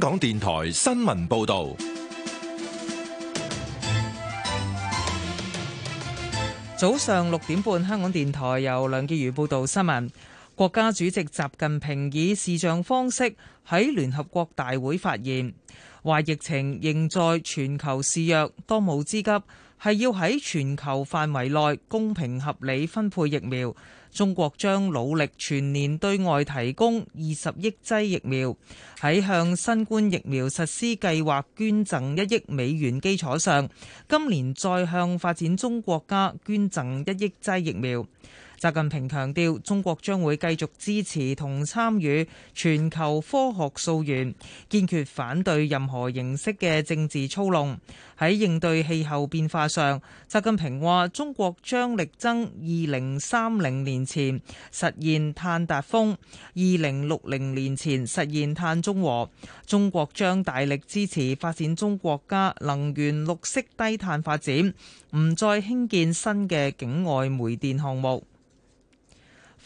香港電台新聞報道，早上六點半，香港電台由梁潔如報道新聞。國家主席習近平以視像方式喺聯合國大會發言，話疫情仍在全球肆虐，當務之急係要喺全球範圍內公平合理分配疫苗。中國將努力全年對外提供二十億劑疫苗，喺向新冠疫苗實施計劃捐贈一億美元基礎上，今年再向發展中國家捐贈一億劑疫苗。習近平強調，中國將會繼續支持同參與全球科學溯源，堅決反對任何形式嘅政治操弄。喺應對氣候變化上，習近平話：中國將力爭二零三零年前實現碳達峰，二零六零年前實現碳中和。中國將大力支持發展中國家能源綠色低碳發展，唔再興建新嘅境外煤電項目。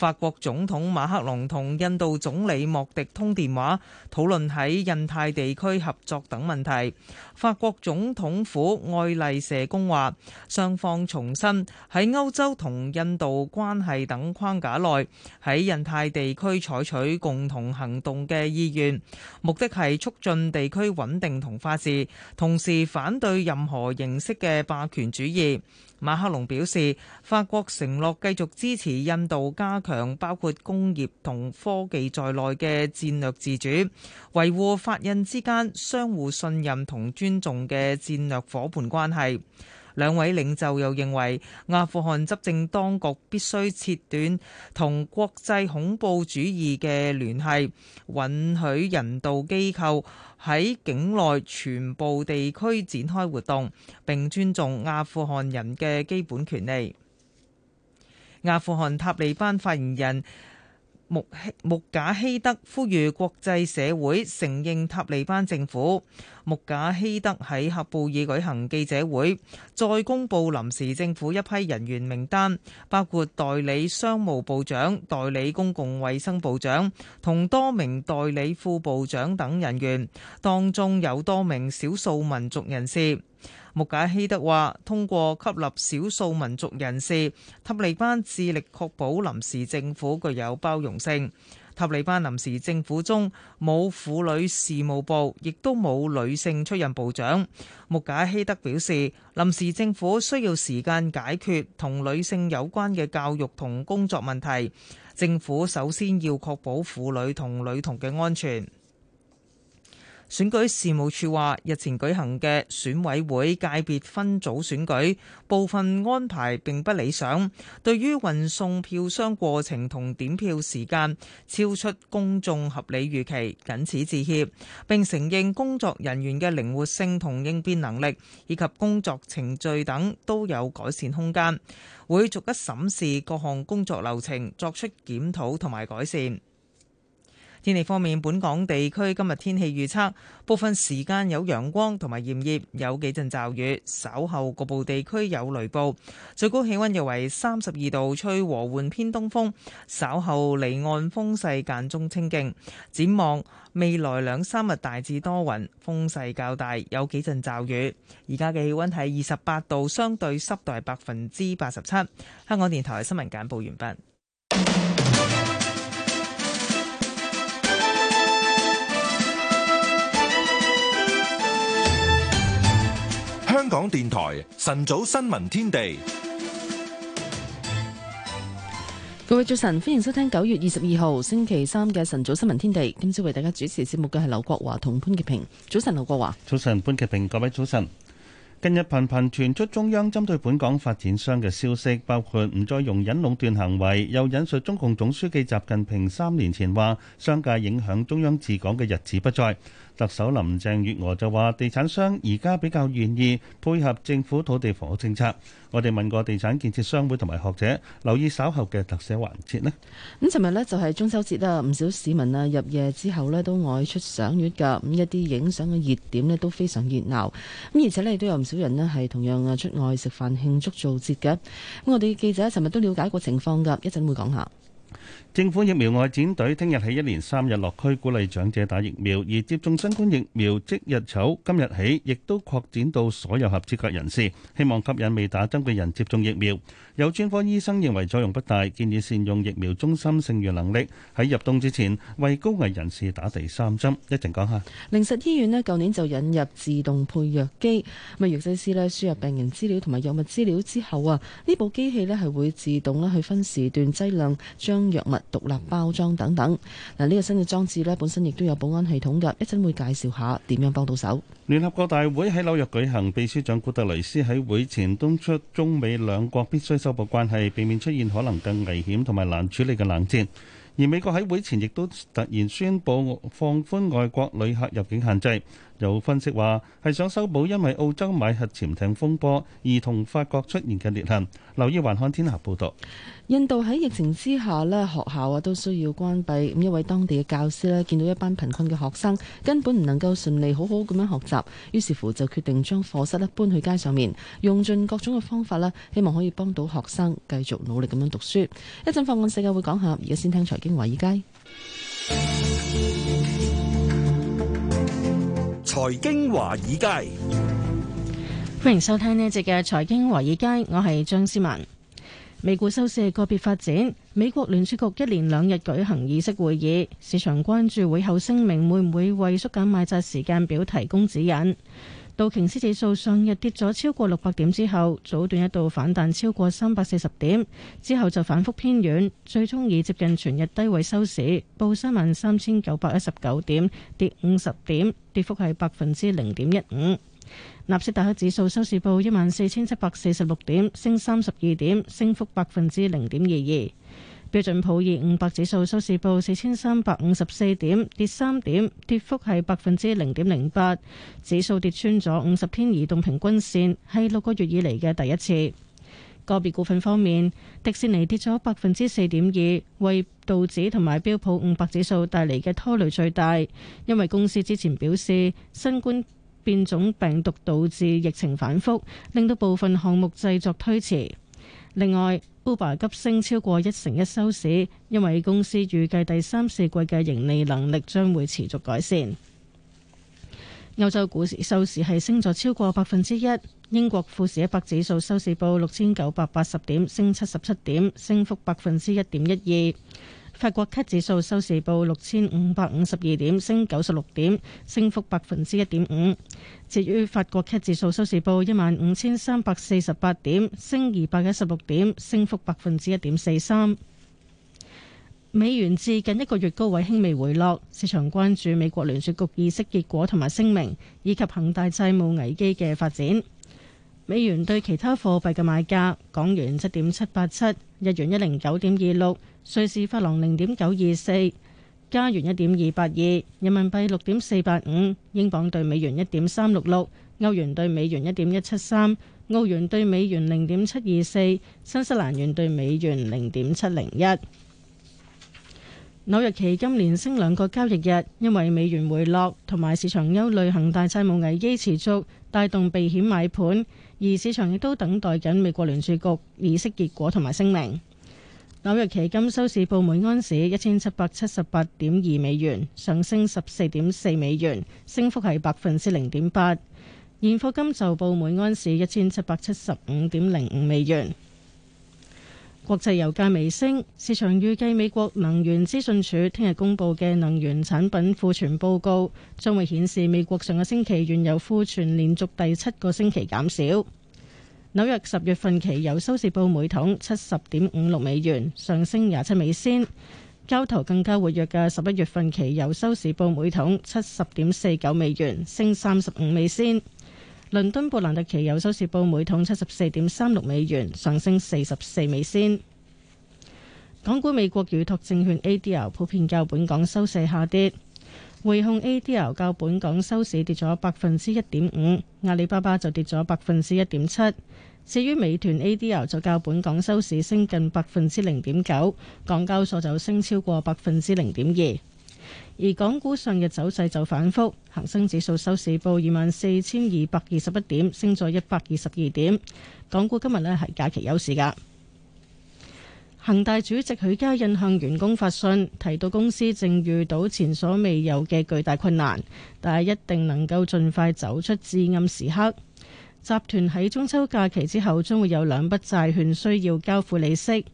法國總統馬克龍同印度總理莫迪通電話，討論喺印太地區合作等問題。法國總統府愛麗舍宮話，雙方重申喺歐洲同印度關係等框架內，喺印太地區採取共同行動嘅意願，目的係促進地區穩定同法治，同時反對任何形式嘅霸權主義，馬克龍表示，法國承諾繼續支持印度加強包括工業同科技在內嘅戰略自主，維護法印之間相互信任同尊重嘅戰略伙伴關係。兩位領袖又認為，阿富汗執政當局必須切斷同國際恐怖主義嘅聯繫，允許人道機構喺境內全部地區展開活動，並尊重阿富汗人嘅基本權利。阿富汗塔利班發言人。穆希穆賈希德呼籲國際社會承認塔利班政府。穆賈希德喺喀布爾舉行記者會，再公布臨時政府一批人員名單，包括代理商務部長、代理公共衛生部長同多名代理副部長等人員，當中有多名少數民族人士。木...穆賈希德話：通過吸納少數民族人士，塔利班致力確保臨時政府具有包容性。塔利班臨時政府中冇婦女事務部，亦都冇女性出任部長。穆賈希德表示，臨時政府需要時間解決同女性有關嘅教育同工作問題。政府首先要確保婦女同女童嘅安全。選舉事務處話，日前舉行嘅選委會界別分組選舉部分安排並不理想，對於運送票箱過程同點票時間超出公眾合理預期，謹此致歉。並承認工作人員嘅靈活性同應變能力以及工作程序等都有改善空間，會逐一審視各項工作流程，作出檢討同埋改善。天氣方面，本港地區今日天氣預測，部分時間有陽光同埋炎熱，有幾陣驟雨，稍後局部地區有雷暴。最高氣溫約為三十二度，吹和緩偏東風，稍後離岸風勢間中清勁。展望未來兩三日大致多雲，風勢較大，有幾陣驟雨。而家嘅氣溫係二十八度，相對濕度係百分之八十七。香港電台新聞簡報完畢。香港電台晨早新聞天地，各位早晨，歡迎收聽九月二十二號星期三嘅晨早新聞天地。今朝為大家主持節目嘅係劉國華同潘潔平。早晨，劉國華。早晨，潘潔平。各位早晨。近日頻頻傳出中央針對本港發展商嘅消息，包括唔再容忍壟斷行為，又引述中共總書記習近平三年前話：商界影響中央治港嘅日子不再。特首林鄭月娥就話：地產商而家比較願意配合政府土地房屋政策。我哋問過地產建設商會同埋學者，留意稍後嘅特寫環節呢。咁尋日呢就係中秋節啦，唔少市民啊入夜之後呢都外出賞月㗎，咁一啲影相嘅熱點呢都非常熱鬧。咁而且呢都有唔少人呢係同樣啊出外食飯慶祝做節㗎。咁我哋嘅記者尋日都瞭解過情況㗎，一陣會講下。政府疫苗外展隊聽日起一連三日落區鼓勵長者打疫苗，而接種新冠疫苗即日籌今日起亦都擴展到所有合資格人士，希望吸引未打針嘅人接種疫苗。有專科醫生認為作用不大，建議善用疫苗中心剩餘能力，喺入冬之前為高危人士打第三針。一陣講下。靈實醫院咧，舊年就引入自動配藥機，咁啊藥劑師咧輸入病人資料同埋藥物資料之後啊，呢部機器咧係會自動咧去分時段劑量、將藥物獨立包裝等等。嗱，呢個新嘅裝置咧本身亦都有保安系統㗎，一陣會介紹下點樣幫到手。聯合國大會喺紐約舉行，秘書長古特雷斯喺會前敦促中美兩國必須修補關係，避免出現可能更危險同埋難處理嘅冷戰。而美國喺會前亦都突然宣佈放寬外國旅客入境限制。有分析話，係想修補因為澳洲買核潛艇風波而同法國出現嘅裂痕。留意環看天下報道，印度喺疫情之下呢學校啊都需要關閉。咁一位當地嘅教師咧，見到一班貧困嘅學生根本唔能夠順利好好咁樣學習，於是乎就決定將課室咧搬去街上面，用盡各種嘅方法啦，希望可以幫到學生繼續努力咁樣讀書。一陣放眼世界會講下，而家先聽財經華爾街。 財經華爾街，歡迎收聽呢一節嘅財經華爾街，我係張思文。美股收市個別發展，美國聯儲局一連兩日舉行議息會議，市場關注會後聲明會唔會為縮減買債時間表提供指引。道瓊斯指數上日跌咗超過六百點之後，早段一度反彈超過三百四十點，之後就反覆偏軟，最終以接近全日低位收市，報三萬三千九百一十九點，跌五十點，跌幅係百分之零點一五。納斯達克指數收市報一萬四千七百四十六點，升三十二點，升幅百分之零點二二。標準普爾五百指數收市報四千三百五十四點，跌三點，跌幅係百分之零點零八。指數跌穿咗五十天移動平均線，係六個月以嚟嘅第一次。個別股份方面，迪士尼跌咗百分之四點二，為道指同埋標普五百指數帶嚟嘅拖累最大，因為公司之前表示新冠變種病毒導致疫情反覆，令到部分項目製作推遲。另外 Uber 急升超過一成一收市，因為公司預計第三、四季嘅盈利能力將會持續改善。歐洲股市收市係升咗超過百分之一，英國富時一百指數收市報六千九百八十點，升七十七點，升幅百分之一點一二。法國 cut 指數收市報六千五百五十二點，升九十六點，升幅百分之一點五。至於法國 cut 指數收市報一萬五千三百四十八點，升二百一十六點，升幅百分之一點四三。美元至近一個月高位輕微回落，市場關注美國聯儲局議息結果同埋聲明，以及恒大債務危機嘅發展。美元對其他貨幣嘅買價：港元七點七八七，日元一零九點二六，瑞士法郎零點九二四，加元一點二八二，人民幣六點四八五，英鎊對美元一點三六六，歐元對美元一點一七三，澳元對美元零點七二四，新西蘭元對美元零點七零一。紐約期金連升兩個交易日，因為美元回落，同埋市場憂慮，恒大債務危機持續，帶動避險買盤。而市場亦都等待緊美國聯儲局議息結果同埋聲明。紐約期金收市報每盎司一千七百七十八點二美元，上升十四點四美元，升幅係百分之零點八。現貨金就報每盎司一千七百七十五點零五美元。國際油價微升，市場預計美國能源資訊署聽日公布嘅能源產品庫存報告，將會顯示美國上個星期原油庫存連續第七個星期減少。紐約十月份期油收市報每桶七十點五六美元，上升廿七美仙。交投更加活躍嘅十一月份期油收市報每桶七十點四九美元，升三十五美仙。倫敦布蘭特期油收市報每桶七十四點三六美元，上升四十四美仙。港股美國預託證券 ADR 普遍較本港收市下跌，匯控 ADR 較本港收市跌咗百分之一點五，阿里巴巴就跌咗百分之一點七。至於美團 ADR 就較本港收市升近百分之零點九，港交所就升超過百分之零點二。而港股上日走勢就反覆，恒生指數收市報二萬四千二百二十一點，升咗一百二十二點。港股今日呢係假期休市㗎。恒大主席許家印向員工發信，提到公司正遇到前所未有嘅巨大困難，但係一定能夠盡快走出至暗時刻。集團喺中秋假期之後，將會有兩筆債券需要交付利息。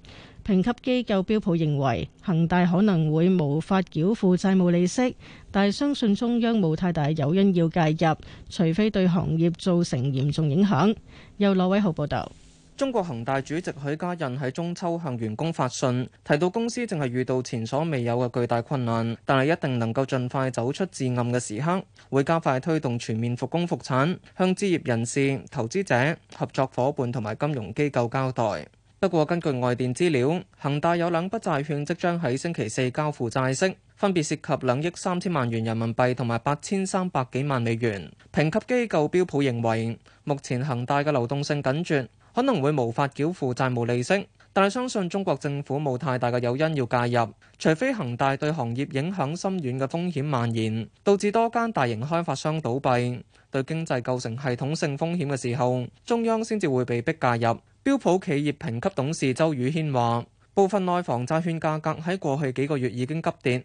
評級機構標普認為，恒大可能會無法繳付債務利息，但相信中央冇太大誘因要介入，除非對行業造成嚴重影響。由劉偉豪報道，中國恒大主席許家印喺中秋向員工發信，提到公司淨係遇到前所未有嘅巨大困難，但係一定能夠盡快走出至暗嘅時刻，會加快推動全面復工復產，向專業人士、投資者、合作伙伴同埋金融機構交代。不過，根據外電資料，恒大有兩筆債券即將喺星期四交付債息，分別涉及兩億三千萬元人民幣同埋八千三百幾萬美元。評級機構標普認為，目前恒大嘅流動性緊絀，可能會無法繳付債務利息，但係相信中國政府冇太大嘅誘因要介入，除非恒大對行業影響深遠嘅風險蔓延，導致多間大型開發商倒閉，對經濟構成系統性風險嘅時候，中央先至會被逼介入。標普企業評級董事周宇軒話，部分內房債券價格喺過去幾個月已經急跌。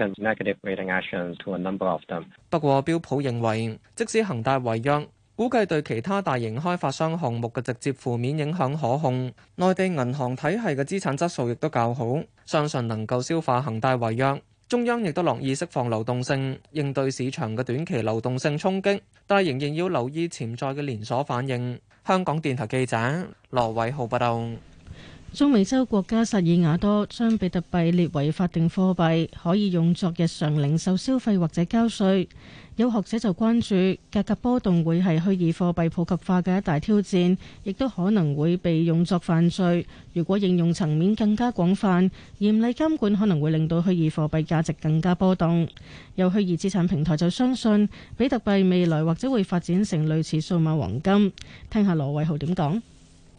不過，標普認為，即使恒大違約，估計對其他大型開發商項目嘅直接負面影響可控。內地銀行體系嘅資產質素亦都較好，相信能夠消化恒大違約。中央亦都樂意釋放流動性，應對市場嘅短期流動性衝擊，但係仍然要留意潛在嘅連鎖反應。香港電台記者羅偉豪報道。中美洲國家薩爾瓦多將比特幣列為法定貨幣，可以用作日常零售消費或者交稅。有學者就關注價格波動會係虛擬貨幣普及化嘅一大挑戰，亦都可能會被用作犯罪。如果應用層面更加廣泛，嚴厲監管可能會令到虛擬貨幣價值更加波動。有虛擬資產平台就相信比特幣未來或者會發展成類似數碼黃金。聽下羅偉豪點講。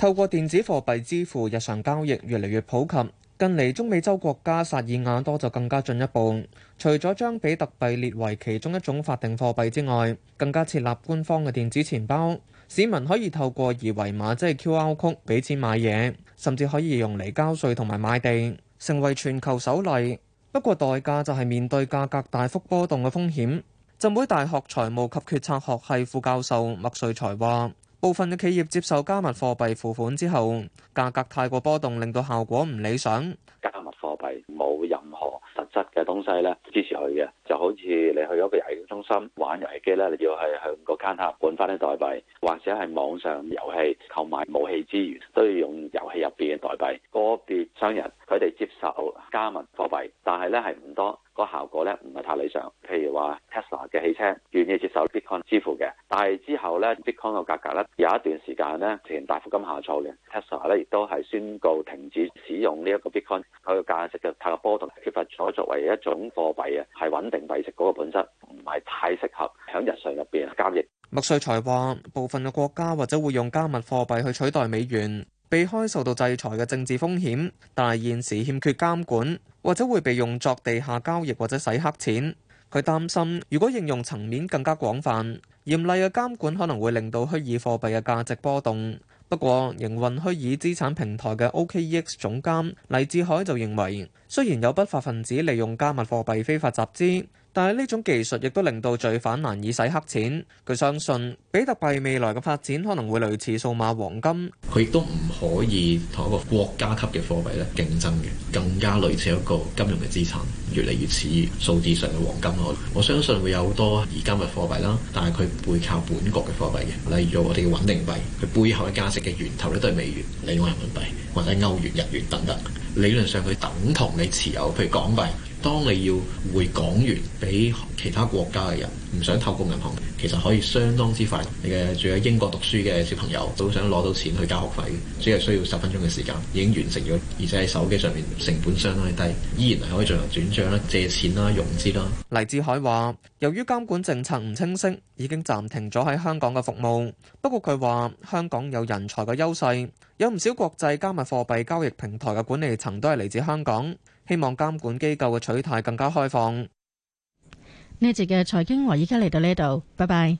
透過電子貨幣支付日常交易越嚟越普及，近嚟中美洲國家薩爾瓦多就更加進一步。除咗將比特幣列為其中一種法定貨幣之外，更加設立官方嘅電子錢包，市民可以透過二維碼即係 QR code 俾錢買嘢，甚至可以用嚟交稅同埋買地，成為全球首例。不過代價就係面對價格大幅波動嘅風險。浸會大學財務及決策學系副教授麥瑞才話。部分嘅企業接受加密貨幣付款之後，價格太過波動，令到效果唔理想。加密貨幣冇任何實質嘅東西咧支持佢嘅，就好似你去咗個遊戲中心玩遊戲機咧，你要係向個攤客換返啲代幣，或者係網上遊戲購買武器資源，都要用遊戲入邊嘅代幣。個別商人。佢哋接受加密貨幣，但係咧係唔多，個效果咧唔係太理想。譬如話 Tesla 嘅汽車願意接受 Bitcoin 支付嘅，但係之後咧 Bitcoin 嘅價格咧有一段時間咧出現大幅咁下挫嘅。Tesla 咧亦都係宣告停止使用呢一個 Bitcoin，佢個價值嘅太大波動，缺乏所作為一種貨幣啊，係穩定幣值嗰個本質，唔係太適合喺日常入邊交易。麥瑞才話：部分嘅國家或者會用加密貨幣去取代美元。避開受到制裁嘅政治風險，但係現時欠缺監管，或者會被用作地下交易或者洗黑錢。佢擔心，如果應用層面更加廣泛，嚴厲嘅監管可能會令到虛擬貨幣嘅價值波動。不過，營運虛擬資產平台嘅 OKEX、OK、總監黎志海就認為，雖然有不法分子利用加密貨幣非法集資。但係呢種技術亦都令到罪犯難以洗黑錢。佢相信比特幣未來嘅發展可能會類似數碼黃金。佢亦都唔可以同一個國家級嘅貨幣咧競爭嘅，更加類似一個金融嘅資產，越嚟越似數字上嘅黃金咯。我相信會有好多而加密貨幣啦，但係佢背靠本國嘅貨幣嘅，例如我哋嘅穩定幣，佢背後嘅價值嘅源頭咧都係美元、利用人民幣或者歐元、日元等等。理論上佢等同你持有譬如港幣。當你要匯港元俾其他國家嘅人，唔想透過銀行，其實可以相當之快。你嘅住喺英國讀書嘅小朋友都想攞到錢去交學費，只係需要十分鐘嘅時間，已經完成咗，而且喺手機上面成本相當低，依然係可以進行轉賬啦、借錢啦、融資啦。黎智海話：由於監管政策唔清晰，已經暫停咗喺香港嘅服務。不過佢話香港有人才嘅優勢，有唔少國際加密貨幣交易平台嘅管理層都係嚟自香港。希望監管機構嘅取態更加開放。呢節嘅財經和而家嚟到呢度，拜拜。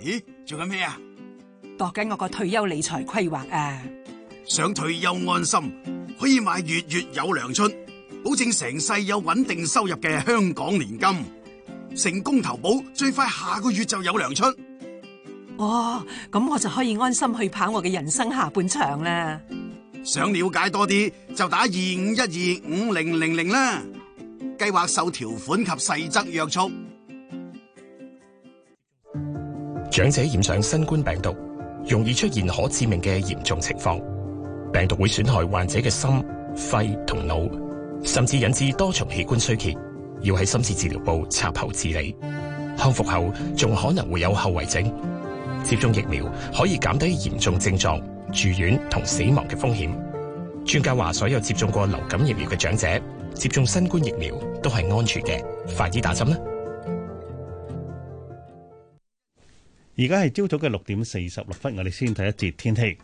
咦？做緊咩啊？度緊我個退休理財規劃啊！想退休安心，可以買月月有糧出，保證成世有穩定收入嘅香港年金。成功投保，最快下個月就有糧出。哇、哦！咁我就可以安心去跑我嘅人生下半場啦。想了解多啲，就打二五一二五零零零啦。計劃受條款及細則約束。長者染上新冠病毒，容易出現可致命嘅嚴重情況。病毒會損害患者嘅心、肺同腦，甚至引致多重器官衰竭，要喺深切治療部插喉治理。康復後仲可能會有後遺症。接種疫苗可以減低嚴重症狀。住院同死亡嘅風險，專家話所有接種過流感疫苗嘅長者接種新冠疫苗都係安全嘅，快啲打針啦！而家係朝早嘅六點四十六分，我哋先睇一節天氣。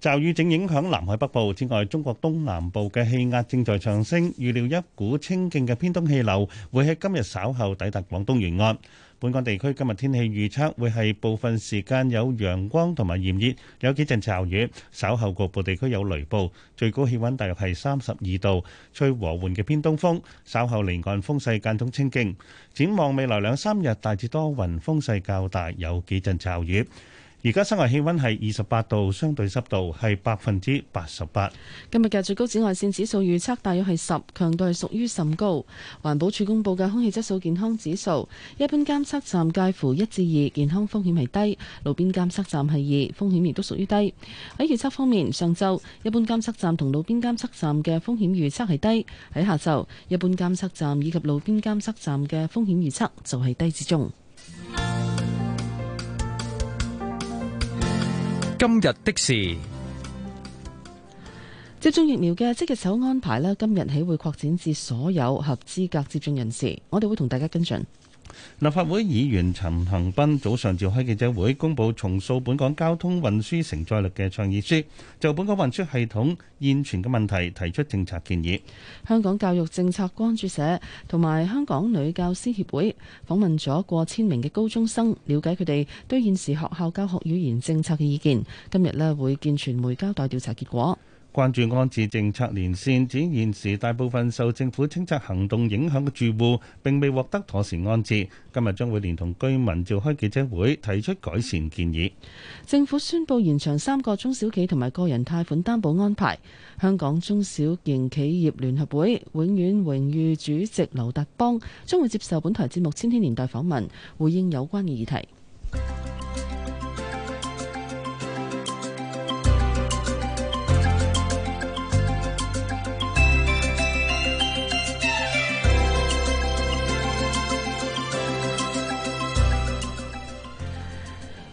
驟雨正影響南海北部，此外，中國東南部嘅氣壓正在上升，預料一股清勁嘅偏東氣流會喺今日稍後抵達廣東沿岸。本港地區今日天氣預測會係部分時間有陽光同埋炎熱，有幾陣驟雨，稍後局部地區有雷暴，最高氣温大約係三十二度，吹和緩嘅偏東風，稍後離岸風勢間中清勁。展望未來兩三日大致多雲，風勢較大，有幾陣驟雨。而家室外氣溫係二十八度，相對濕度係百分之八十八。今日嘅最高紫外線指數預測大約係十，強度係屬於甚高。環保署公佈嘅空氣質素健康指數，一般監測站介乎一至二，健康風險係低；路邊監測站係二，風險亦都屬於低。喺預測方面，上晝一般監測站同路邊監測站嘅風險預測係低；喺下晝，一般監測站以及路邊監測站嘅風險預測就係低至中。今日的事，接種疫苗嘅即日籌安排呢，今日起會擴展至所有合資格接種人士，我哋會同大家跟進。立法會議員陳恒鑌早上召開記者會，公佈重塑本港交通運輸承載力嘅倡議書，就本港運輸系統現存嘅問題提出政策建議。香港教育政策關注社同埋香港女教師協會訪問咗過千名嘅高中生，了解佢哋對現時學校教學語言政策嘅意見。今日呢，會見傳媒，交代調查結果。關注安置政策連線指現時，大部分受政府清拆行動影響嘅住戶，並未獲得妥善安置。今日將會連同居民召開記者會，提出改善建議。政府宣布延長三個中小企同埋個人貸款擔保安排。香港中小型企業聯合會永遠榮譽主席劉達邦將會接受本台節目《千禧年代》訪問，回應有關嘅議題。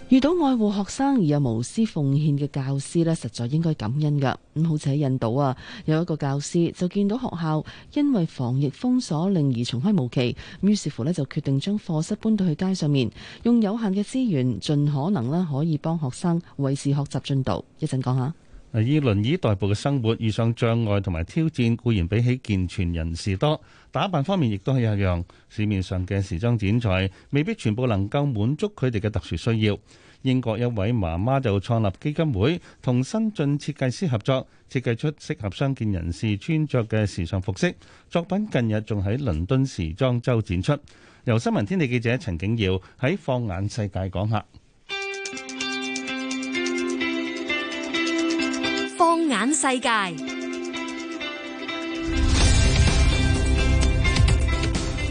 遇到愛護學生而又無私奉獻嘅教師呢，實在應該感恩噶。咁好似喺印度啊，有一個教師就見到學校因為防疫封鎖令而重開無期，於、嗯、是乎呢就決定將課室搬到去街上面，用有限嘅資源，盡可能呢可以幫學生維持學習進度。一陣講下。輪以輪椅代步嘅生活遇上障礙同埋挑戰，固然比起健全人士多。打扮方面亦都係一樣，市面上嘅時裝剪裁未必全部能夠滿足佢哋嘅特殊需要。英國一位媽媽就創立基金會，同新晉設計師合作，設計出適合傷健人士穿著嘅時尚服飾。作品近日仲喺倫敦時裝周展出。由新聞天地記者陳景耀喺放眼世界講下。眼世界。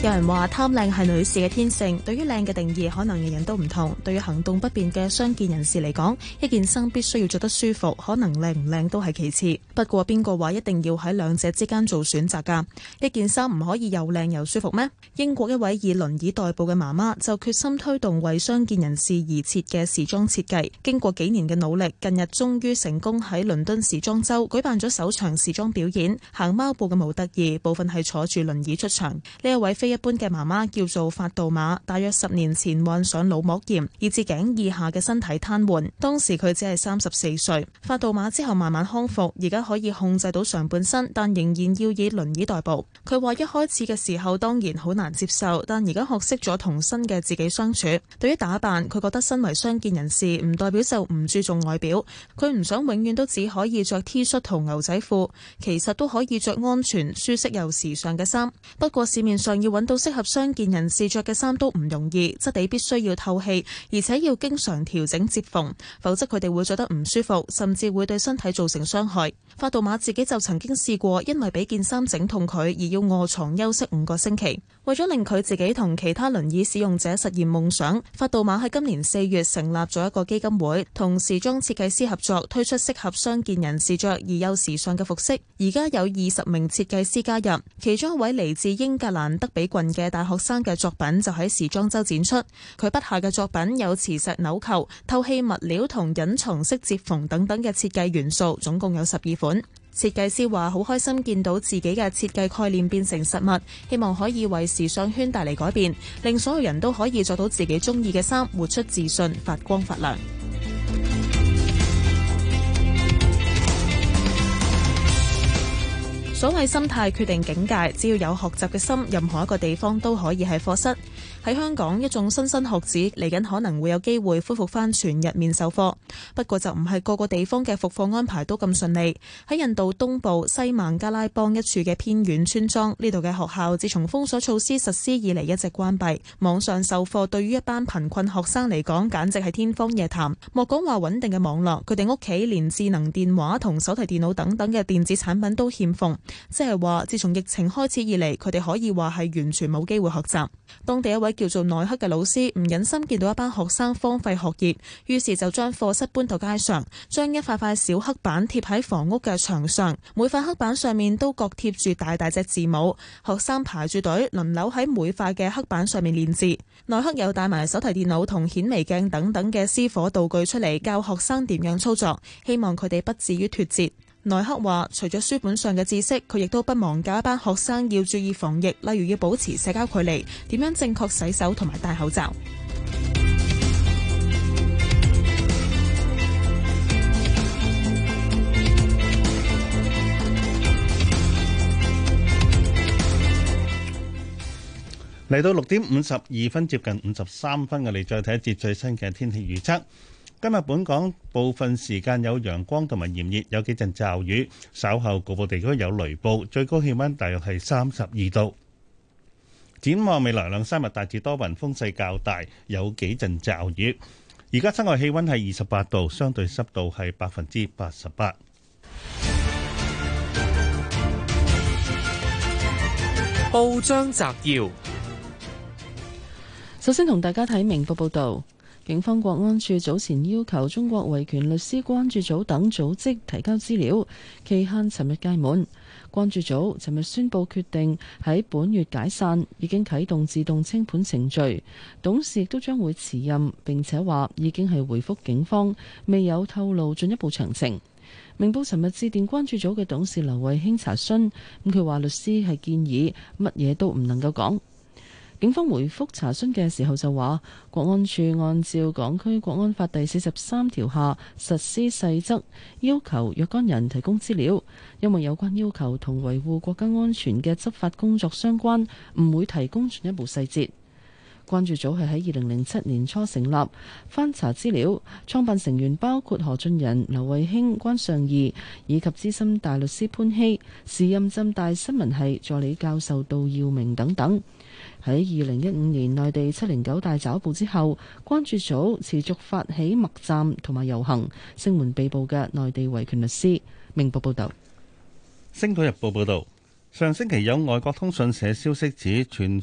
有人話貪靚係女士嘅天性，對於靚嘅定義可能人人都唔同。對於行動不便嘅傷健人士嚟講，一件衫必須要着得舒服，可能靚唔靚都係其次。不過邊個話一定要喺兩者之間做選擇㗎？一件衫唔可以又靚又舒服咩？英國一位以輪椅代步嘅媽媽就決心推動為傷健人士而設嘅時裝設計。經過幾年嘅努力，近日終於成功喺倫敦時裝週舉辦咗首場時裝表演。行貓步嘅模特兒，部分係坐住輪椅出場。呢一位非一般嘅媽媽叫做法度瑪，大約十年前患上腦膜炎，以致頸以下嘅身體癱瘓。當時佢只係三十四歲。法度瑪之後慢慢康復，而家可以控制到上半身，但仍然要以輪椅代步。佢話一開始嘅時候當然好難接受，但而家學識咗同新嘅自己相處。對於打扮，佢覺得身為傷健人士唔代表就唔注重外表。佢唔想永遠都只可以着 T 恤同牛仔褲，其實都可以着安全、舒適又時尚嘅衫。不過市面上要搵揾到適合傷健人士着嘅衫都唔容易，質地必須要透氣，而且要經常調整接縫，否則佢哋會着得唔舒服，甚至會對身體造成傷害。法度馬自己就曾經試過，因為俾件衫整痛佢而要臥床休息五個星期。為咗令佢自己同其他輪椅使用者實現夢想，法度馬喺今年四月成立咗一個基金會，同時裝設計師合作推出適合傷健人士着而又時尚嘅服飾。而家有二十名設計師加入，其中一位嚟自英格蘭德比。群嘅大學生嘅作品就喺時裝周展出，佢筆下嘅作品有磁石紐扣、透氣物料同隱藏式接縫等等嘅設計元素，總共有十二款。設計師話好開心見到自己嘅設計概念變成實物，希望可以為時尚圈帶嚟改變，令所有人都可以做到自己中意嘅衫，活出自信，發光發亮。所謂心態決定境界，只要有學習嘅心，任何一個地方都可以係課室。喺香港，一眾新生學子嚟緊可能會有機會恢復翻全日面授課，不過就唔係個個地方嘅復課安排都咁順利。喺印度東部西孟加拉邦一處嘅偏遠村莊，呢度嘅學校自從封鎖措施實施以嚟一直關閉，網上授課對於一班貧困學生嚟講簡直係天方夜譚。莫講話穩定嘅網絡，佢哋屋企連智能電話同手提電腦等等嘅電子產品都欠奉，即係話自從疫情開始以嚟，佢哋可以話係完全冇機會學習。當地一位叫做奈克嘅老師唔忍心見到一班學生荒廢學業，於是就將課室搬到街上，將一塊塊小黑板貼喺房屋嘅牆上，每塊黑板上面都各貼住大大隻字母。學生排住隊輪流喺每塊嘅黑板上面練字。奈克有帶埋手提電腦同顯微鏡等等嘅私伙道具出嚟教學生點樣操作，希望佢哋不至於脫節。奈克話：除咗書本上嘅知識，佢亦都不忘教一班學生要注意防疫，例如要保持社交距離，點樣正確洗手同埋戴口罩。嚟到六點五十二分，接近五十三分嘅你，我哋再睇一節最新嘅天氣預測。今日本港部分時間有陽光同埋炎熱，有幾陣驟雨，稍後局部地區有雷暴，最高氣溫大約係三十二度。展望未來兩三日大致多雲，風勢較大，有幾陣驟雨。而家室外氣溫係二十八度，相對濕度係百分之八十八。報章摘要：首先同大家睇明報報道。警方國安處早前要求中國維權律師關注組等組織提交資料，期限尋日屆滿。關注組尋日宣布決定喺本月解散，已經啟動自動清盤程序，董事亦都將會辭任，並且話已經係回覆警方，未有透露進一步詳情。明報尋日致電關注組嘅董事劉慧卿查詢，咁佢話律師係建議乜嘢都唔能夠講。警方回覆查詢嘅時候就話，國安處按照《港區國安法》第四十三條下實施細則，要求若干人提供資料，因為有關要求同維護國家安全嘅執法工作相關，唔會提供進一步細節。關注組係喺二零零七年初成立，翻查資料，創辦成員包括何俊仁、劉慧卿、關尚義以及資深大律師潘希、時任浸大新聞系助理教授杜耀明等等。喺二零一五年內地七零九大抓捕之後，關注組持續發起默站同埋遊行，聲援被捕嘅內地維權律師。明報報道。《星島日報》報道：「上星期有外國通訊社消息指，傳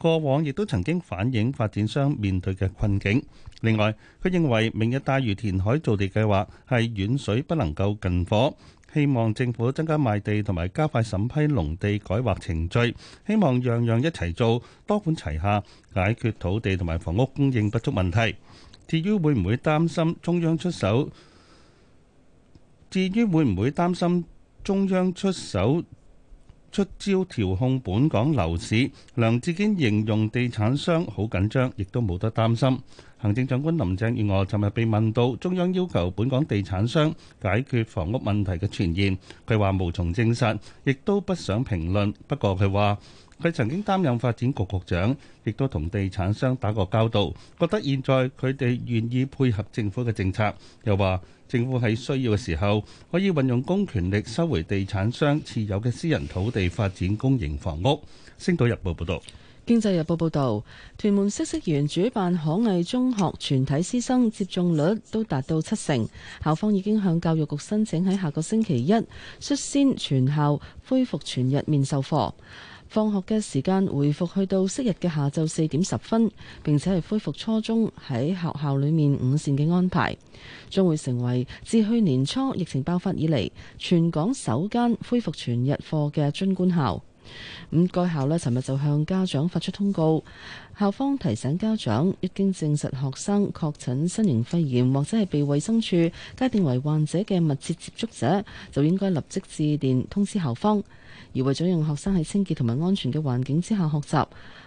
過往亦都曾經反映發展商面對嘅困境。另外，佢認為明日大嶼填海造地計劃係遠水不能夠近火，希望政府增加賣地同埋加快審批農地改劃程序，希望樣樣一齊做，多管齊下解決土地同埋房屋供應不足問題。至於會唔會擔心中央出手？至於會唔會擔心中央出手？出招調控本港樓市，梁志堅形容地產商好緊張，亦都冇得擔心。行政長官林鄭月娥尋日被問到中央要求本港地產商解決房屋問題嘅傳言，佢話無從證實，亦都不想評論。不過，佢話，佢曾經擔任發展局局長，亦都同地產商打過交道，覺得現在佢哋願意配合政府嘅政策。又話，政府喺需要嘅時候，可以運用公權力收回地產商持有嘅私人土地發展公營房屋。星島日報報道。經濟日報報道，屯門息息園主辦可藝中學全體師生接種率都達到七成，校方已經向教育局申請喺下個星期一率先全校恢復全日面授課。放學嘅時間回復去到昔日嘅下晝四點十分，並且係恢復初中喺學校裡面午膳嘅安排，將會成為自去年初疫情爆發以嚟全港首間恢復全日課嘅津官校。咁該校呢，尋日就向家長發出通告，校方提醒家長，一經證實學生確診新型肺炎，或者係被衛生署界定為患者嘅密切接觸者，就應該立即致電通知校方。而為咗讓學生喺清潔同埋安全嘅環境之下學習，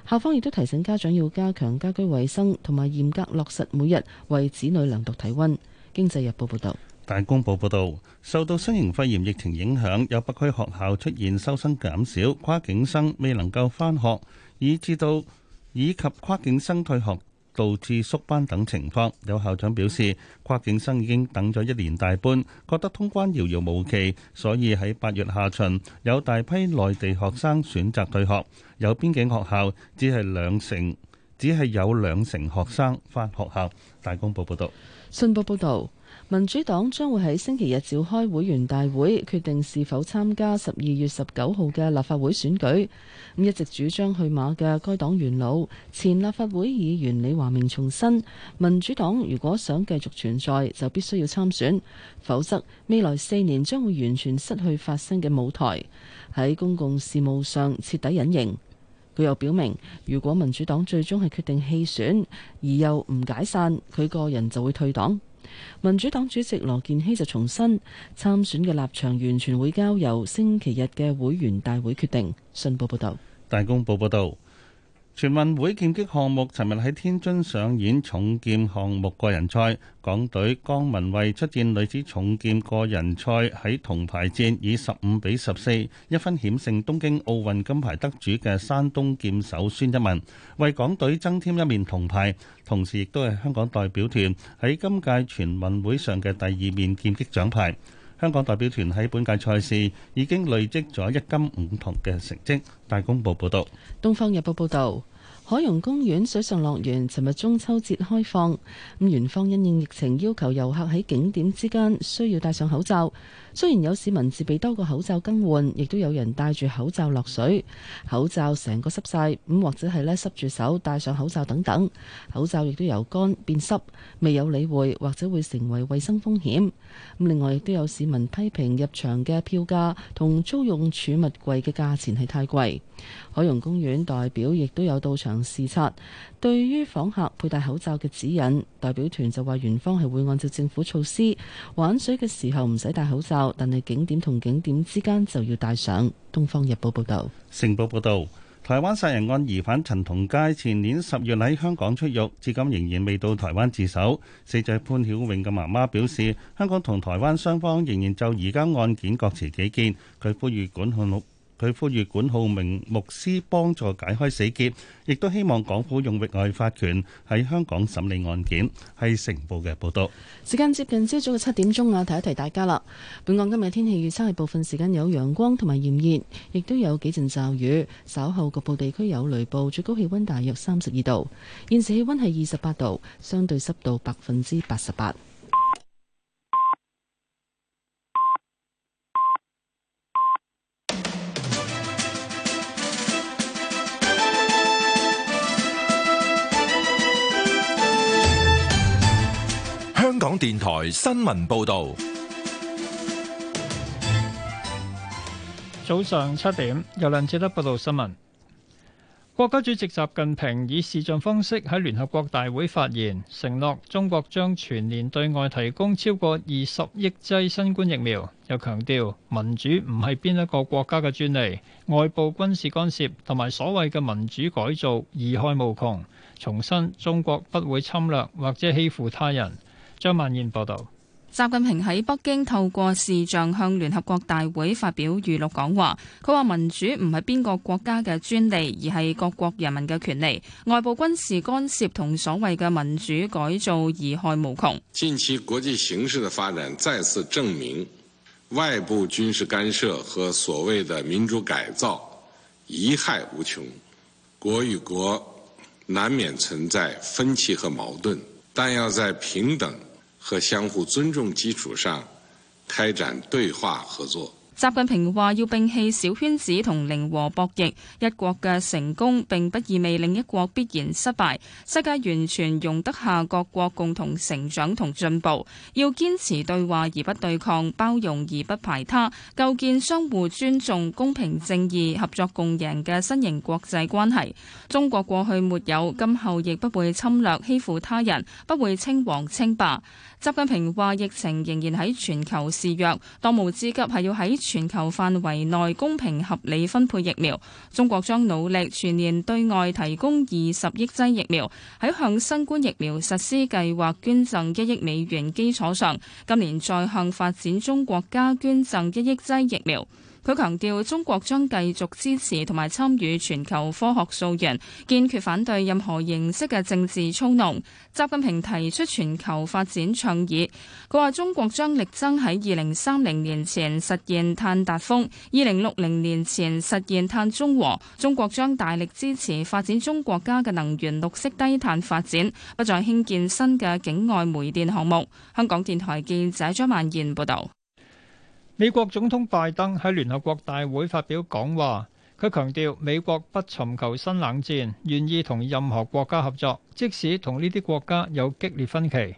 校方亦都提醒家長要加強家居衛生同埋嚴格落實每日為子女量度體溫。經濟日報報道。大公報報道，受到新型肺炎疫情影響，有北區學校出現收生減少、跨境生未能夠返學，以至到以及跨境生退學，導致縮班等情況。有校長表示，跨境生已經等咗一年大半，覺得通關遙遙無期，所以喺八月下旬有大批內地學生選擇退學。有邊境學校只係兩成，只係有兩成學生返學校。大公報報道。信報報導。民主黨將會喺星期日召開會員大會，決定是否參加十二月十九號嘅立法會選舉。一直主張去馬嘅該黨元老、前立法會議員李華明重申：民主黨如果想繼續存在，就必須要參選；否則，未來四年將會完全失去發聲嘅舞台，喺公共事務上徹底隱形。佢又表明，如果民主黨最終係決定棄選，而又唔解散，佢個人就會退黨。民主黨主席羅健熙就重申參選嘅立場完全會交由星期日嘅會員大會決定。信報報道，大公報報道。全運會劍擊項目尋日喺天津上演重劍項目個人賽，港隊江文蔚出戰女子重劍個人賽喺銅牌戰以十五比十四一分險勝東京奧運金牌得主嘅山東劍手孫一文，為港隊增添一面銅牌，同時亦都係香港代表團喺今屆全運會上嘅第二面劍擊獎牌。香港代表團喺本屆賽事已經累積咗一金五銅嘅成績。大公報報道，《東方日報》報道，海洋公園水上樂園尋日中秋節開放。咁園方因應疫情要求，遊客喺景點之間需要戴上口罩。雖然有市民自備多個口罩更換，亦都有人戴住口罩落水，口罩成個濕晒，咁或者係呢濕住手戴上口罩等等，口罩亦都由乾變濕，未有理會，或者會成為衞生風險。咁另外亦都有市民批評入場嘅票價同租用儲物櫃嘅價錢係太貴。海洋公園代表亦都有到場視察。對於訪客佩戴口罩嘅指引，代表團就話：園方係會按照政府措施，玩水嘅時候唔使戴口罩，但係景點同景點之間就要戴上。《東方日報》報道。《成報》報道，台灣殺人案疑犯陳同佳前年十月喺香港出獄，至今仍然未到台灣自首。死者潘曉穎嘅媽媽表示，香港同台灣雙方仍然就而家案件各持己見，佢呼籲管控。佢呼籲管浩鳴牧師幫助解開死結，亦都希望港府用域外法權喺香港審理案件。係成報嘅報道。時間接近朝早嘅七點鐘啊，提一提大家啦。本港今日嘅天氣預測係部分時間有陽光同埋炎熱，亦都有幾陣驟雨，稍後局部地區有雷暴，最高氣温大約三十二度。現時氣温係二十八度，相對濕度百分之八十八。香港電台新聞報道，早上七點，由梁志德報道新聞。國家主席習近平以視像方式喺聯合國大會發言，承諾中國將全年對外提供超過二十億劑新冠疫苗。又強調民主唔係邊一個國家嘅專利，外部軍事干涉同埋所謂嘅民主改造，貽害無窮。重申中國不會侵略或者欺負他人。張曼燕報道，習近平喺北京透過視像向聯合國大會發表預錄講話。佢話民主唔係邊個國家嘅專利，而係各國人民嘅權利。外部軍事干涉同所謂嘅民主改造，貽害無窮。近期國際形勢嘅發展再次證明，外部軍事干涉和所謂嘅民主改造貽害無窮。國與國難免存在分歧和矛盾，但要在平等。和相互尊重基礎上，開展對話合作。習近平話要摒棄小圈子同零和博弈。一國嘅成功並不意味另一國必然失敗，世界完全容得下各國共同成長同進步。要堅持對話而不對抗，包容而不排他，構建相互尊重、公平正義、合作共贏嘅新型國際關係，中國過去沒有，今後亦不會侵略欺負他人，不會稱王稱霸。習近平話：疫情仍然喺全球肆虐，當務之急係要喺全球範圍內公平合理分配疫苗。中國將努力全年對外提供二十億劑疫苗。喺向新冠疫苗實施計劃捐贈一億美元基礎上，今年再向發展中國家捐贈一億劑疫苗。佢強調，中國將繼續支持同埋參與全球科學溯源，堅決反對任何形式嘅政治操弄。習近平提出全球發展倡議，佢話中國將力爭喺二零三零年前實現碳達峰，二零六零年前實現碳中和。中國將大力支持發展中國家嘅能源綠色低碳發展，不再興建新嘅境外煤電項目。香港電台記者張曼燕報導。美國總統拜登喺聯合國大會發表講話，佢強調美國不尋求新冷戰，願意同任何國家合作，即使同呢啲國家有激烈分歧。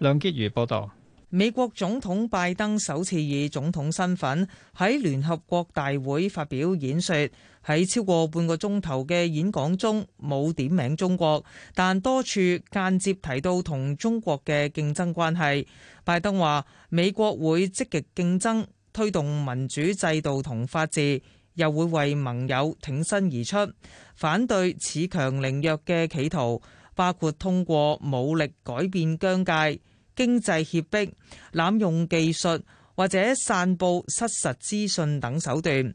梁潔如報道。美國總統拜登首次以總統身份喺聯合國大會發表演說。喺超過半個鐘頭嘅演講中，冇點名中國，但多處間接提到同中國嘅競爭關係。拜登話：美國會積極競爭，推動民主制度同法治，又會為盟友挺身而出，反對恃強凌弱嘅企圖，包括通過武力改變疆界、經濟脅迫、濫用技術或者散佈失實資訊等手段。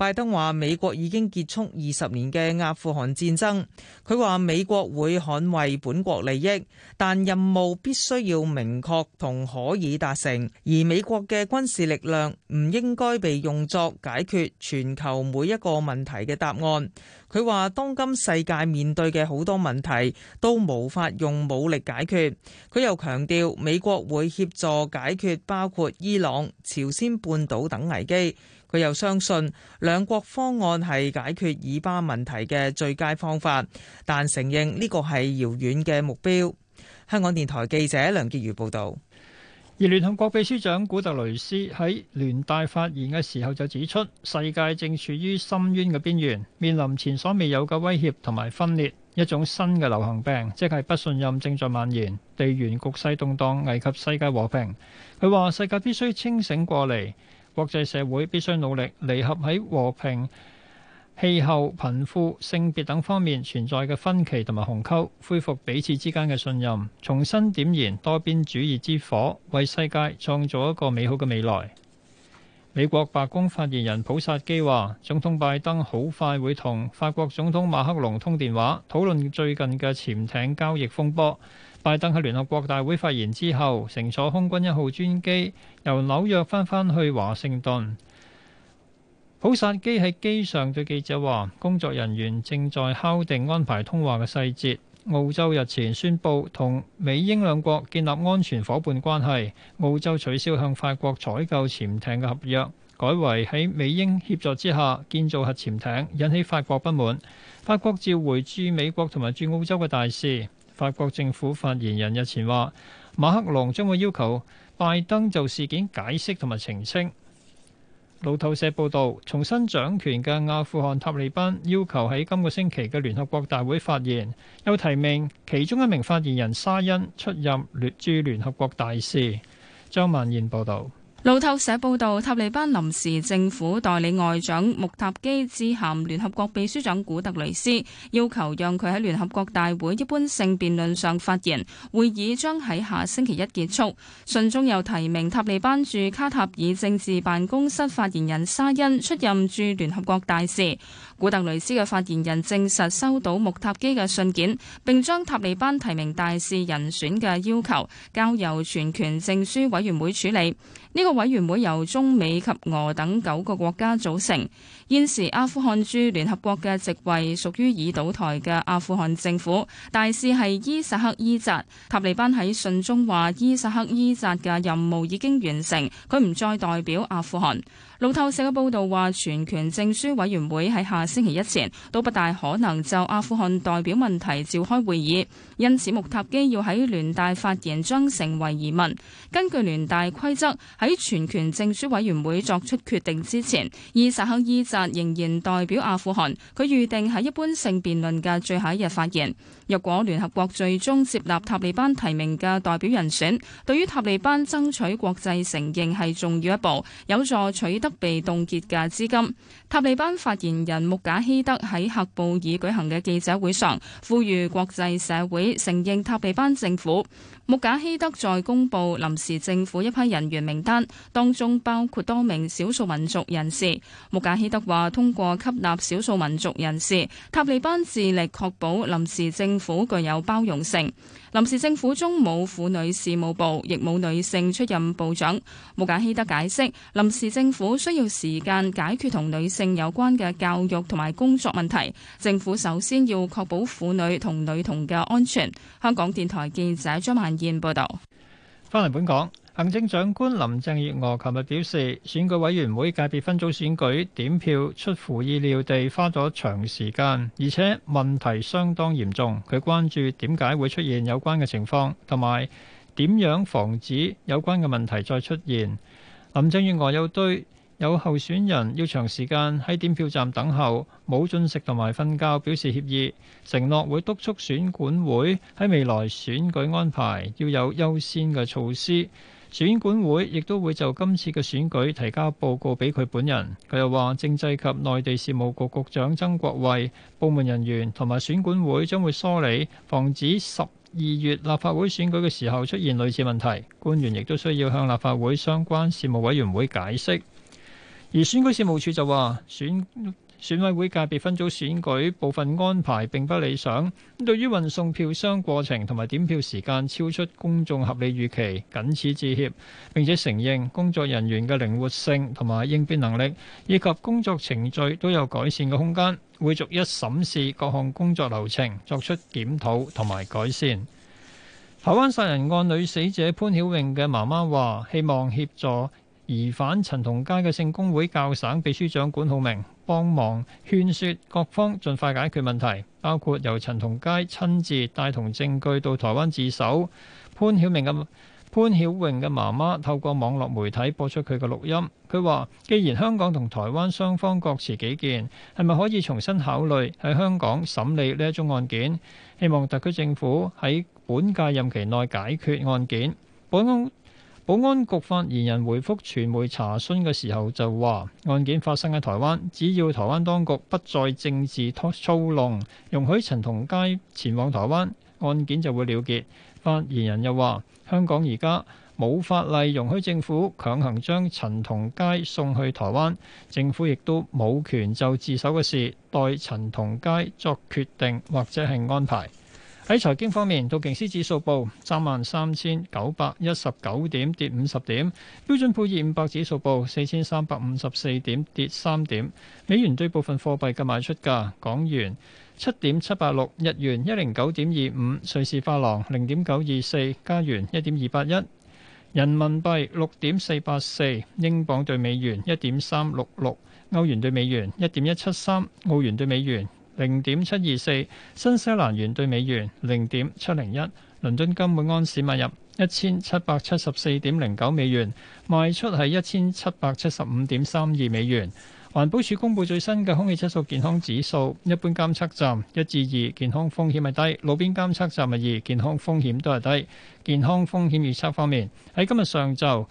拜登話：美國已經結束二十年嘅阿富汗戰爭。佢話美國會捍衞本國利益，但任務必須要明確同可以達成。而美國嘅軍事力量唔應該被用作解決全球每一個問題嘅答案。佢話當今世界面對嘅好多問題都無法用武力解決。佢又強調美國會協助解決包括伊朗、朝鮮半島等危機。佢又相信兩國方案係解決以巴問題嘅最佳方法，但承認呢個係遙遠嘅目標。香港電台記者梁潔如報道，而聯合國秘書長古特雷斯喺聯大發言嘅時候就指出，世界正處於深淵嘅邊緣，面臨前所未有嘅威脅同埋分裂。一種新嘅流行病，即係不信任，正在蔓延。地緣局勢動蕩，危及世界和平。佢話世界必須清醒過嚟。國際社會必須努力彌合喺和平、氣候、貧富、性別等方面存在嘅分歧同埋鴻溝，恢復彼此之間嘅信任，重新點燃多邊主義之火，為世界創造一個美好嘅未來。美國白宮發言人普薩基話，總統拜登好快會同法國總統馬克龍通電話，討論最近嘅潛艇交易風波。拜登喺聯合國大會發言之後，乘坐空軍一號專機由紐約返返去華盛頓。普薩基喺機上對記者話，工作人員正在敲定安排通話嘅細節。澳洲日前宣布同美英兩國建立安全伙伴關係，澳洲取消向法國採購潛艇嘅合約，改為喺美英協助之下建造核潛艇，引起法國不滿。法國召回駐美國同埋駐澳洲嘅大使。法國政府發言人日前話，馬克龍將會要求拜登就事件解釋同埋澄清。路透社報導，重新掌權嘅阿富汗塔利班要求喺今個星期嘅聯合國大會發言，又提名其中一名發言人沙欣出任駐聯合國大使。張曼燕報導。路透社報道，塔利班臨時政府代理外長穆塔基致函聯合國秘書長古特雷斯，要求讓佢喺聯合國大會一般性辯論上發言。會議將喺下星期一結束。信中又提名塔利班駐卡塔爾政治辦公室發言人沙欣出任駐聯合國大使。古特雷斯嘅發言人證實收到穆塔基嘅信件，並將塔利班提名大使人選嘅要求交由全權證書委員會處理。呢個委員會由中美及俄等九個國家組成。現時阿富汗駐聯合國嘅席位屬於已倒台嘅阿富汗政府，大使係伊薩克伊扎。塔利班喺信中話：伊薩克伊扎嘅任務已經完成，佢唔再代表阿富汗。路透社嘅報導話，全權證書委員會喺下星期一前都不大可能就阿富汗代表問題召開會議。因此，穆塔基要喺聯大發言將成為疑問，根據聯大規則喺全權證書委員會作出決定之前，而伊薩克伊扎仍然代表阿富汗。佢預定喺一般性辯論嘅最後一日發言。若果聯合國最終接納塔利班提名嘅代表人選，對於塔利班爭取國際承認係重要一步，有助取得被凍結嘅資金。塔利班發言人穆賈希德喺喀布爾舉行嘅記者會上，呼籲國際社會。承認塔利班政府。穆賈希德在公布臨時政府一批人員名單當中，包括多名少數民族人士。穆賈希德話：通過吸納少數民族人士，塔利班致力確保臨時政府具有包容性。臨時政府中冇婦女事務部，亦冇女性出任部長。穆賈希德解釋：臨時政府需要時間解決同女性有關嘅教育同埋工作問題。政府首先要確保婦女同女童嘅安全。香港電台記者張曼。見報道，翻嚟本港，行政長官林鄭月娥琴日表示，選舉委員會界別分組選舉點票出乎意料地花咗長時間，而且問題相當嚴重。佢關注點解會出現有關嘅情況，同埋點樣防止有關嘅問題再出現。林鄭月娥又對。有候選人要長時間喺點票站等候，冇進食同埋瞓覺，表示歉意，承諾會督促選管會喺未來選舉安排要有優先嘅措施。選管會亦都會就今次嘅選舉提交報告俾佢本人。佢又話，政制及內地事務局局,局長曾國衛部門人員同埋選管會將會梳理，防止十二月立法會選舉嘅時候出現類似問題。官員亦都需要向立法會相關事務委員會解釋。而選舉事務處就話，選選委會界別分組選舉部分安排並不理想。咁對於運送票箱過程同埋點票時間超出公眾合理預期，僅此致歉。並且承認工作人員嘅靈活性同埋應變能力，以及工作程序都有改善嘅空間，會逐一審視各項工作流程，作出檢討同埋改善。台灣殺人案女死者潘曉穎嘅媽媽話：希望協助。疑犯陳同佳嘅聖公會教省秘書長管浩鳴幫忙勸説各方盡快解決問題，包括由陳同佳親自帶同證據到台灣自首。潘曉穎嘅潘曉穎嘅媽媽透過網絡媒體播出佢嘅錄音，佢話：既然香港同台灣雙方各持己見，係咪可以重新考慮喺香港審理呢一宗案件？希望特區政府喺本屆任期內解決案件。本澳。保安局發言人回覆傳媒查詢嘅時候就話，案件發生喺台灣，只要台灣當局不再政治操弄，容許陳同佳前往台灣，案件就會了結。發言人又話，香港而家冇法例容許政府強行將陳同佳送去台灣，政府亦都冇權就自首嘅事代陳同佳作決定或者係安排。喺財經方面，道瓊斯指數報三萬三千九百一十九點，跌五十點。標準普爾五百指數報四千三百五十四點，跌三點。美元對部分貨幣嘅賣出價：港元七點七八六，日元一零九點二五，瑞士法郎零點九二四，加元一點二八一，人民幣六點四八四，英鎊對美元一點三六六，歐元對美元一點一七三，澳元對美元零點七二四，24, 新西蘭元對美元零點七零一，倫敦金每安士買入一千七百七十四點零九美元，賣出係一千七百七十五點三二美元。環保署公布最新嘅空氣質素健康指數，一般監測站一至二，2, 健康風險係低；，路邊監測站係二，健康風險都係低。健康風險預測方面，喺今日上晝。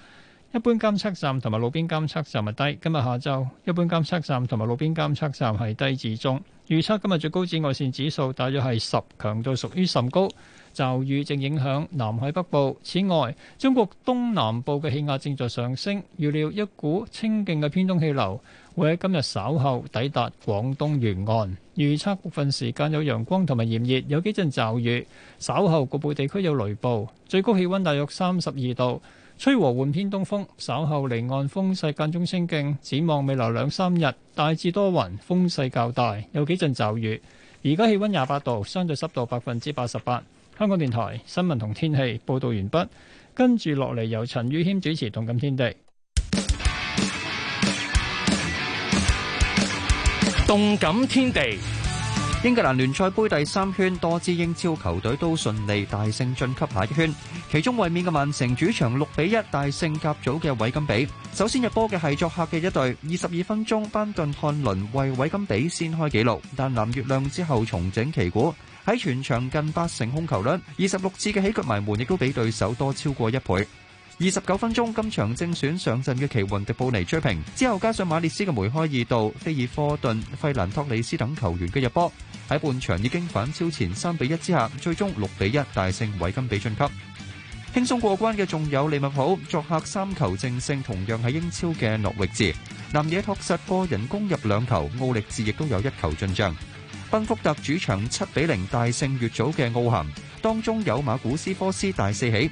一般監測站同埋路邊監測站係低，今日下晝一般監測站同埋路邊監測站係低至中。預測今日最高紫外線指數大約係十，強度屬於甚高。驟雨正影響南海北部。此外，中國東南部嘅氣壓正在上升，預料一股清勁嘅偏東氣流會喺今日稍後抵達廣東沿岸。預測部分時間有陽光同埋炎熱，有幾陣驟雨。稍後局部地區有雷暴，最高氣溫大約三十二度。吹和緩偏東風，稍後離岸風勢間中清勁，展望未來兩三日大致多雲，風勢較大，有幾陣驟雨。而家氣温廿八度，相對濕度百分之八十八。香港電台新聞同天氣報導完畢，跟住落嚟由陳宇謙主持《動感天地》。動感天地。英格蘭聯賽杯第三圈，多支英超球隊都順利大勝晉級下一圈。其中衛冕嘅曼城主場六比一大勝甲組嘅韋甘比。首先入波嘅係作客嘅一隊，二十二分鐘班頓漢倫為韋甘比先開紀錄，但藍月亮之後重整旗鼓，喺全場近八成控球率，二十六次嘅起腳埋門亦都比對手多超過一倍。二十九分鐘，今場正選上陣嘅奇雲迪布尼追平，之後加上馬列斯嘅梅開二度、菲爾科頓、費蘭托里斯等球員嘅入波，喺半場已經反超前三比一之下，最終六比一大勝維根比進級。輕鬆過關嘅仲有利物浦作客三球正勝，同樣喺英超嘅諾域治，南野拓實個人攻入兩球，奧力治亦都有一球進帳。賓福特主場七比零大勝越組嘅奧咸，當中有馬古斯科斯大四起。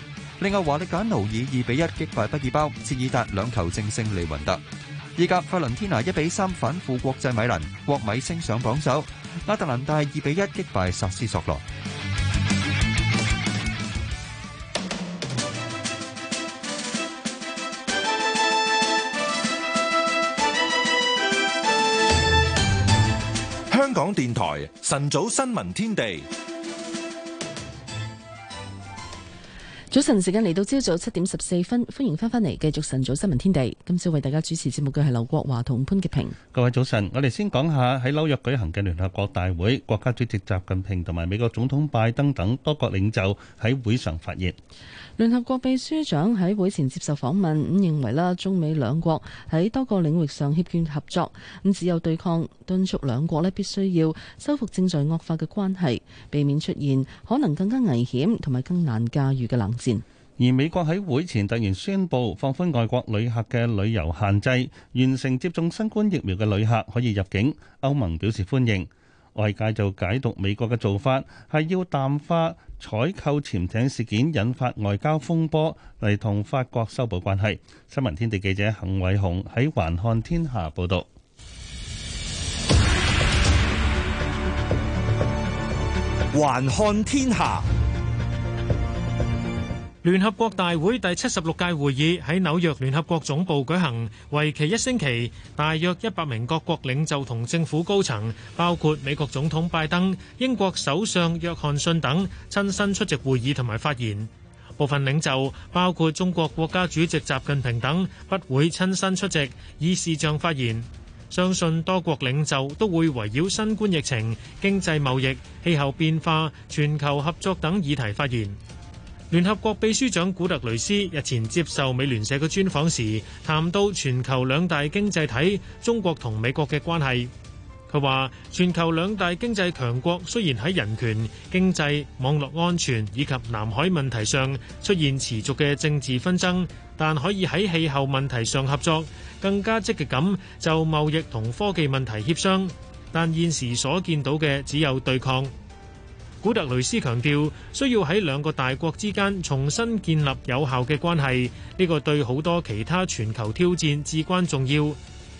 另外，華力簡奴以二比一擊敗畢爾包，切爾達兩球淨勝利雲特。依家費倫天拿一比三反負國際米蘭，國米升上榜首。亞特蘭大二比一擊敗薩斯索羅。香港電台晨早新聞天地。早晨，時間嚟到朝早七點十四分，歡迎翻返嚟繼續晨早新聞天地。今朝為大家主持節目嘅係劉國華同潘潔平。各位早晨，我哋先講下喺紐約舉行嘅聯合國大會，國家主席習近平同埋美國總統拜登等多國領袖喺會上發言。聯合國秘書長喺會前接受訪問，咁認為啦，中美兩國喺多個領域上協調合作，咁只有對抗敦促兩國咧必須要修復正在惡化嘅關係，避免出現可能更加危險同埋更難駕馭嘅冷戰。而美國喺會前突然宣布放寬外國旅客嘅旅遊限制，完成接種新冠疫苗嘅旅客可以入境，歐盟表示歡迎。外界就解讀美國嘅做法係要淡化採購潛艇事件引發外交風波，嚟同法國修補關係。新聞天地記者恆偉雄喺環看天下報道。環看天下。聯合國大會第七十六屆會議喺紐約聯合國總部舉行，為期一星期，大約一百名各國領袖同政府高層，包括美國總統拜登、英國首相約翰遜等親身出席會議同埋發言。部分領袖包括中國國家主席習近平等不會親身出席，以視像發言。相信多國領袖都會圍繞新冠疫情、經濟貿易、氣候變化、全球合作等議題發言。聯合國秘書長古特雷斯日前接受美聯社嘅專訪時，談到全球兩大經濟體中國同美國嘅關係，佢話：全球兩大經濟強國雖然喺人權、經濟、網絡安全以及南海問題上出現持續嘅政治紛爭，但可以喺氣候問題上合作，更加積極咁就貿易同科技問題協商。但現時所見到嘅只有對抗。古特雷斯強調需要喺兩個大國之間重新建立有效嘅關係，呢個對好多其他全球挑戰至關重要。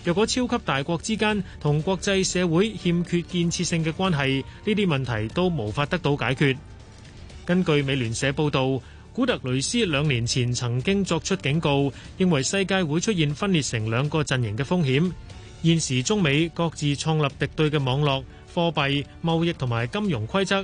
若果超級大國之間同國際社會欠缺建設性嘅關係，呢啲問題都無法得到解決。根據美聯社報道，古特雷斯兩年前曾經作出警告，認為世界會出現分裂成兩個陣營嘅風險。現時中美各自創立敵對嘅網絡、貨幣、貿易同埋金融規則。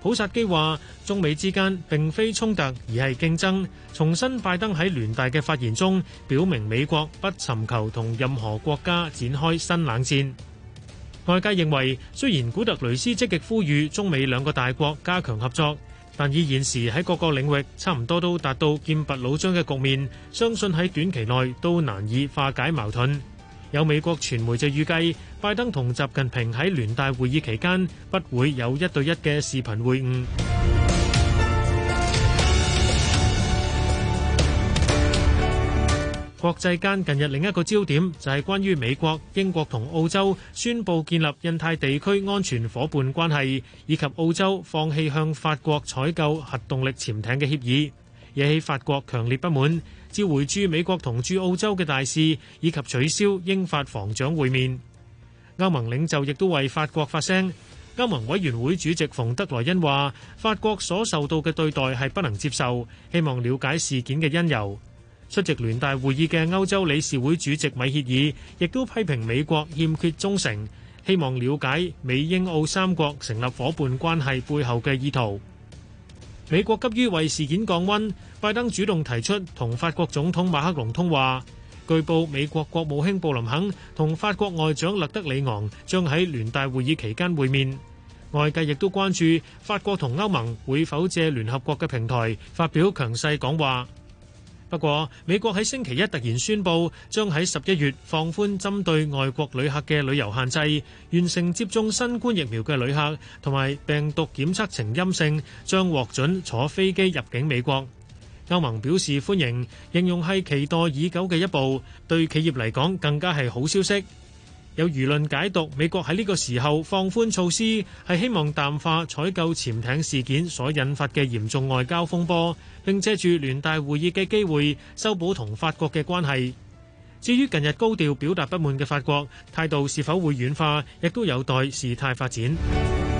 普薩基話：中美之間並非衝突，而係競爭。重申拜登喺聯大嘅發言中，表明美國不尋求同任何國家展開新冷戰。外界認為，雖然古特雷斯積極呼籲中美兩個大國加強合作，但以現時喺各個領域差唔多都達到劍拔弩張嘅局面，相信喺短期內都難以化解矛盾。有美國傳媒就預計，拜登同習近平喺聯大會議期間不會有一對一嘅視頻會晤。 國際間近日另一個焦點就係、是、關於美國、英國同澳洲宣布建立印太地區安全夥伴關係，以及澳洲放棄向法國採購核動力潛艇嘅協議，惹起法國強烈不滿。召回駐美國同駐澳洲嘅大使，以及取消英法防長會面。歐盟領袖亦都為法國發聲。歐盟委員會主席馮德萊恩話：法國所受到嘅對待係不能接受，希望了解事件嘅因由。出席聯大會議嘅歐洲理事會主席米歇爾亦都批評美國欠缺忠誠，希望了解美英澳三國成立伙伴關係背後嘅意圖。美國急於為事件降溫，拜登主動提出同法國總統馬克龍通話。據報美國國務卿布林肯同法國外長勒德里昂將喺聯大會議期間會面。外界亦都關注法國同歐盟會否借聯合國嘅平台發表強勢講話。不過，美國喺星期一突然宣布，將喺十一月放寬針對外國旅客嘅旅遊限制，完成接種新冠疫苗嘅旅客同埋病毒檢測呈陰性，將獲准坐飛機入境美國。歐盟表示歡迎，形容係期待已久嘅一步，對企業嚟講更加係好消息。有輿論解讀，美國喺呢個時候放寬措施，係希望淡化採購潛艇事件所引發嘅嚴重外交風波，並借住聯大會議嘅機會修補同法國嘅關係。至於近日高調表達不滿嘅法國，態度是否會軟化，亦都有待事態發展。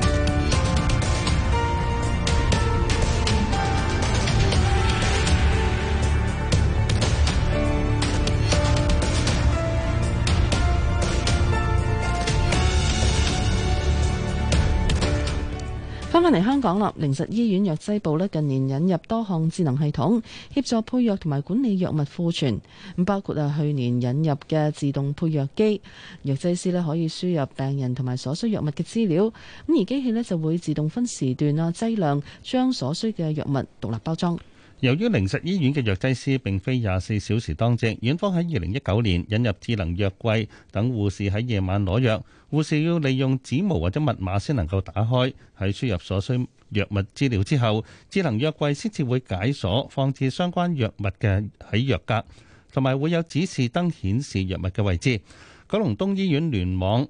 嚟香港啦，靈實醫院藥劑部咧近年引入多項智能系統，協助配藥同埋管理藥物庫存。咁包括啊，去年引入嘅自動配藥機，藥劑師咧可以輸入病人同埋所需藥物嘅資料，咁而機器咧就會自動分時段啊、劑量，將所需嘅藥物獨立包裝。由於靈實醫院嘅藥劑師並非廿四小時當值，院方喺二零一九年引入智能藥櫃，等護士喺夜晚攞藥。護士要利用指模或者密碼先能夠打開，喺輸入所需藥物資料之後，智能藥櫃先至會解鎖，放置相關藥物嘅喺藥格，同埋會有指示燈顯示藥物嘅位置。九龍東醫院聯網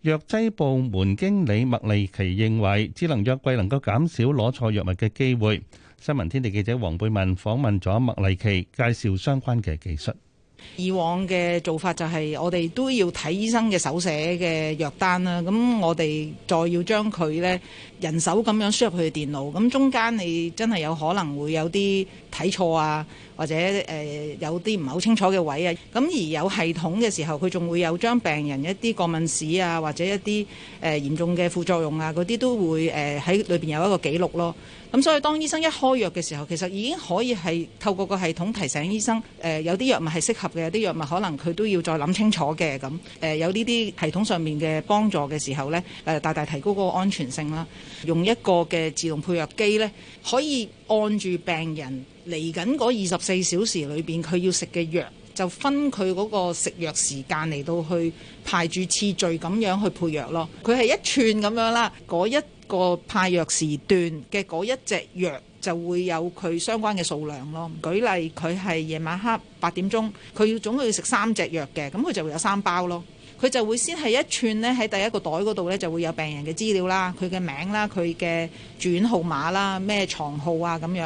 藥劑部門經理麥麗琪認為，智能藥櫃能夠減少攞錯藥物嘅機會。新聞天地記者黃貝文訪問咗麥麗琪，介紹相關嘅技術。以往嘅做法就係我哋都要睇醫生嘅手寫嘅藥單啦，咁我哋再要將佢呢人手咁樣輸入去電腦，咁中間你真係有可能會有啲睇錯啊。或者誒、呃、有啲唔係好清楚嘅位啊，咁而有系統嘅時候，佢仲會有將病人一啲過敏史啊，或者一啲誒、呃、嚴重嘅副作用啊嗰啲都會誒喺、呃、裏邊有一個記錄咯。咁、嗯、所以當醫生一開藥嘅時候，其實已經可以係透過個系統提醒醫生誒有啲藥物係適合嘅，有啲藥物，物可能佢都要再諗清楚嘅，咁誒有呢啲系統上面嘅幫助嘅時候咧，誒、呃、大大提高個安全性啦。用一個嘅自動配藥機咧，可以。按住病人嚟緊嗰二十四小時裏邊，佢要食嘅藥就分佢嗰個食藥時間嚟到去排住次序咁樣去配藥咯。佢係一串咁樣啦，嗰一個派藥時段嘅嗰一隻藥就會有佢相關嘅數量咯。舉例，佢係夜晚黑八點鐘，佢要總共要食三隻藥嘅，咁佢就會有三包咯。佢就會先係一串咧，喺第一個袋嗰度咧就會有病人嘅資料啦，佢嘅名啦，佢嘅轉號碼啦，咩床號啊咁樣。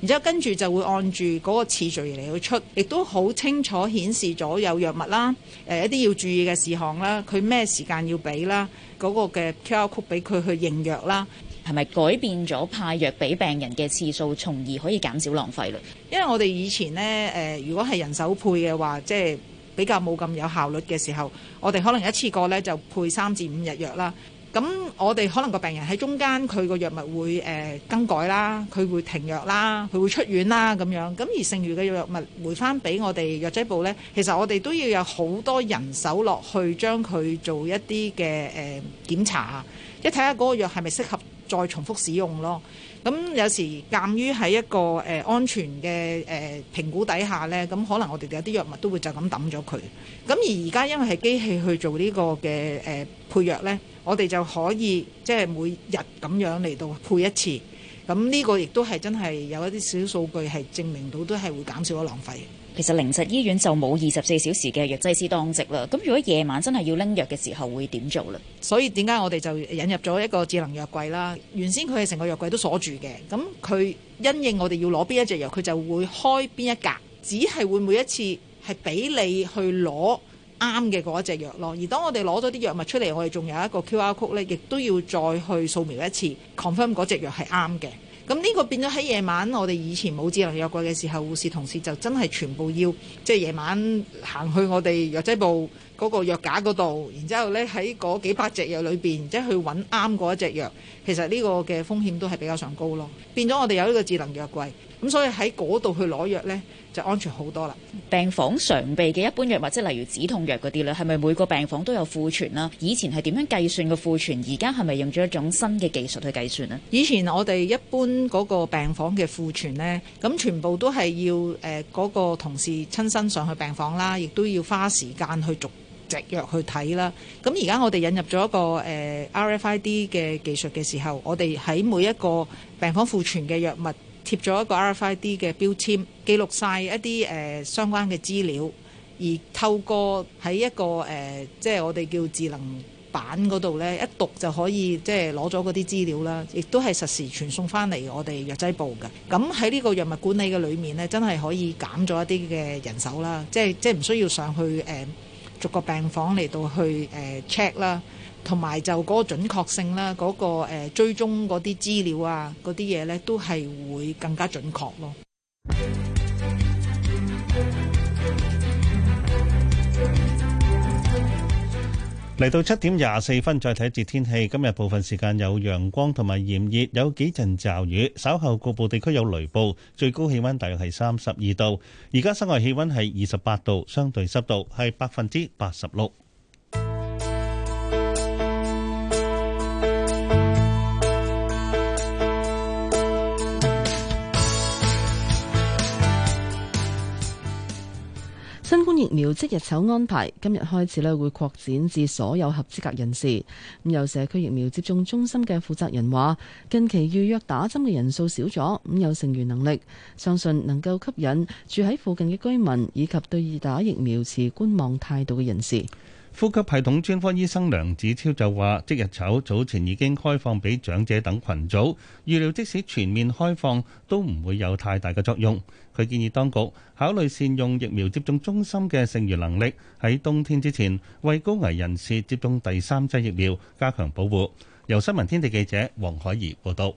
然之後跟住就會按住嗰個次序嚟去出，亦都好清楚顯示咗有藥物啦，誒、呃、一啲要注意嘅事項啦，佢咩時間要俾啦，嗰、那個嘅 QR Code 俾佢去認藥啦。係咪改變咗派藥俾病人嘅次數，從而可以減少浪費咧？因為我哋以前呢，誒、呃，如果係人手配嘅話，即係比較冇咁有，有效率嘅時候，我哋可能一次過呢就配三至五日藥啦。咁我哋可能個病人喺中間，佢個藥物會誒、呃、更改啦，佢會停藥啦，佢會出院啦咁樣。咁而剩餘嘅藥物回翻俾我哋藥劑部呢，其實我哋都要有好多人手落去將佢做一啲嘅誒檢查，一睇下嗰個藥係咪適合再重複使用咯。咁有時鑑於喺一個誒、呃、安全嘅誒、呃、評估底下呢，咁可能我哋有啲藥物都會就咁抌咗佢。咁而而家因為係機器去做呢個嘅誒、呃、配藥呢，我哋就可以即係每日咁樣嚟到配一次。咁呢個亦都係真係有一啲小數據係證明到，都係會減少咗浪費。其實靈實醫院就冇二十四小時嘅藥劑師當值啦，咁如果夜晚真係要拎藥嘅時候，會點做呢？所以點解我哋就引入咗一個智能藥櫃啦。原先佢係成個藥櫃都鎖住嘅，咁佢因應我哋要攞邊一隻藥，佢就會開邊一格，只係會每一次係俾你去攞啱嘅嗰一隻藥咯。而當我哋攞咗啲藥物出嚟，我哋仲有一個 QR code 呢，亦都要再去掃描一次，confirm 嗰隻藥係啱嘅。咁呢個變咗喺夜晚，我哋以前冇智能藥櫃嘅時候，護士同事就真係全部要即係夜晚行去我哋藥劑部嗰個藥架嗰度，然之後呢喺嗰幾百隻藥裏邊，然之後去揾啱嗰一隻藥，其實呢個嘅風險都係比較上高咯。變咗我哋有呢個智能藥櫃，咁所以喺嗰度去攞藥呢。就安全好多啦！病房常備嘅一般藥物，即係例如止痛藥嗰啲咧，係咪每個病房都有庫存啦？以前係點樣計算個庫存？而家係咪用咗一種新嘅技術去計算啊？以前我哋一般嗰個病房嘅庫存呢，咁全部都係要誒嗰個同事親身上去病房啦，亦都要花時間去逐隻藥去睇啦。咁而家我哋引入咗一個誒 RFID 嘅技術嘅時候，我哋喺每一個病房庫存嘅藥物。貼咗一個 RFID 嘅標籤，記錄晒一啲誒、呃、相關嘅資料，而透過喺一個誒、呃，即係我哋叫智能版嗰度，呢一讀就可以即係攞咗嗰啲資料啦，亦都係實時傳送翻嚟我哋藥劑部嘅。咁喺呢個藥物管理嘅裏面，呢真係可以減咗一啲嘅人手啦，即係即係唔需要上去誒、呃、逐個病房嚟到去誒 check、呃、啦。同埋就嗰個準確性啦，嗰個誒追蹤嗰啲資料啊，嗰啲嘢咧都係會更加準確咯。嚟到七點廿四分，再睇一節天氣。今日部分時間有陽光同埋炎熱，有幾陣驟雨，稍後局部地區有雷暴，最高氣溫大約係三十二度。而家室外氣溫係二十八度，相對濕度係百分之八十六。疫苗即日籌安排，今日開始咧會擴展至所有合資格人士。咁由社區疫苗接種中心嘅負責人話，近期預約打針嘅人數少咗，咁有剩餘能力，相信能夠吸引住喺附近嘅居民以及對二打疫苗持觀望態度嘅人士。呼吸系統專科醫生梁子超就話：即日籌早前已經開放俾長者等群組，預料即使全面開放都唔會有太大嘅作用。佢建議當局考慮善用疫苗接種中心嘅剩餘能力，喺冬天之前為高危人士接種第三劑疫苗，加強保護。由新聞天地記者黃海怡報道。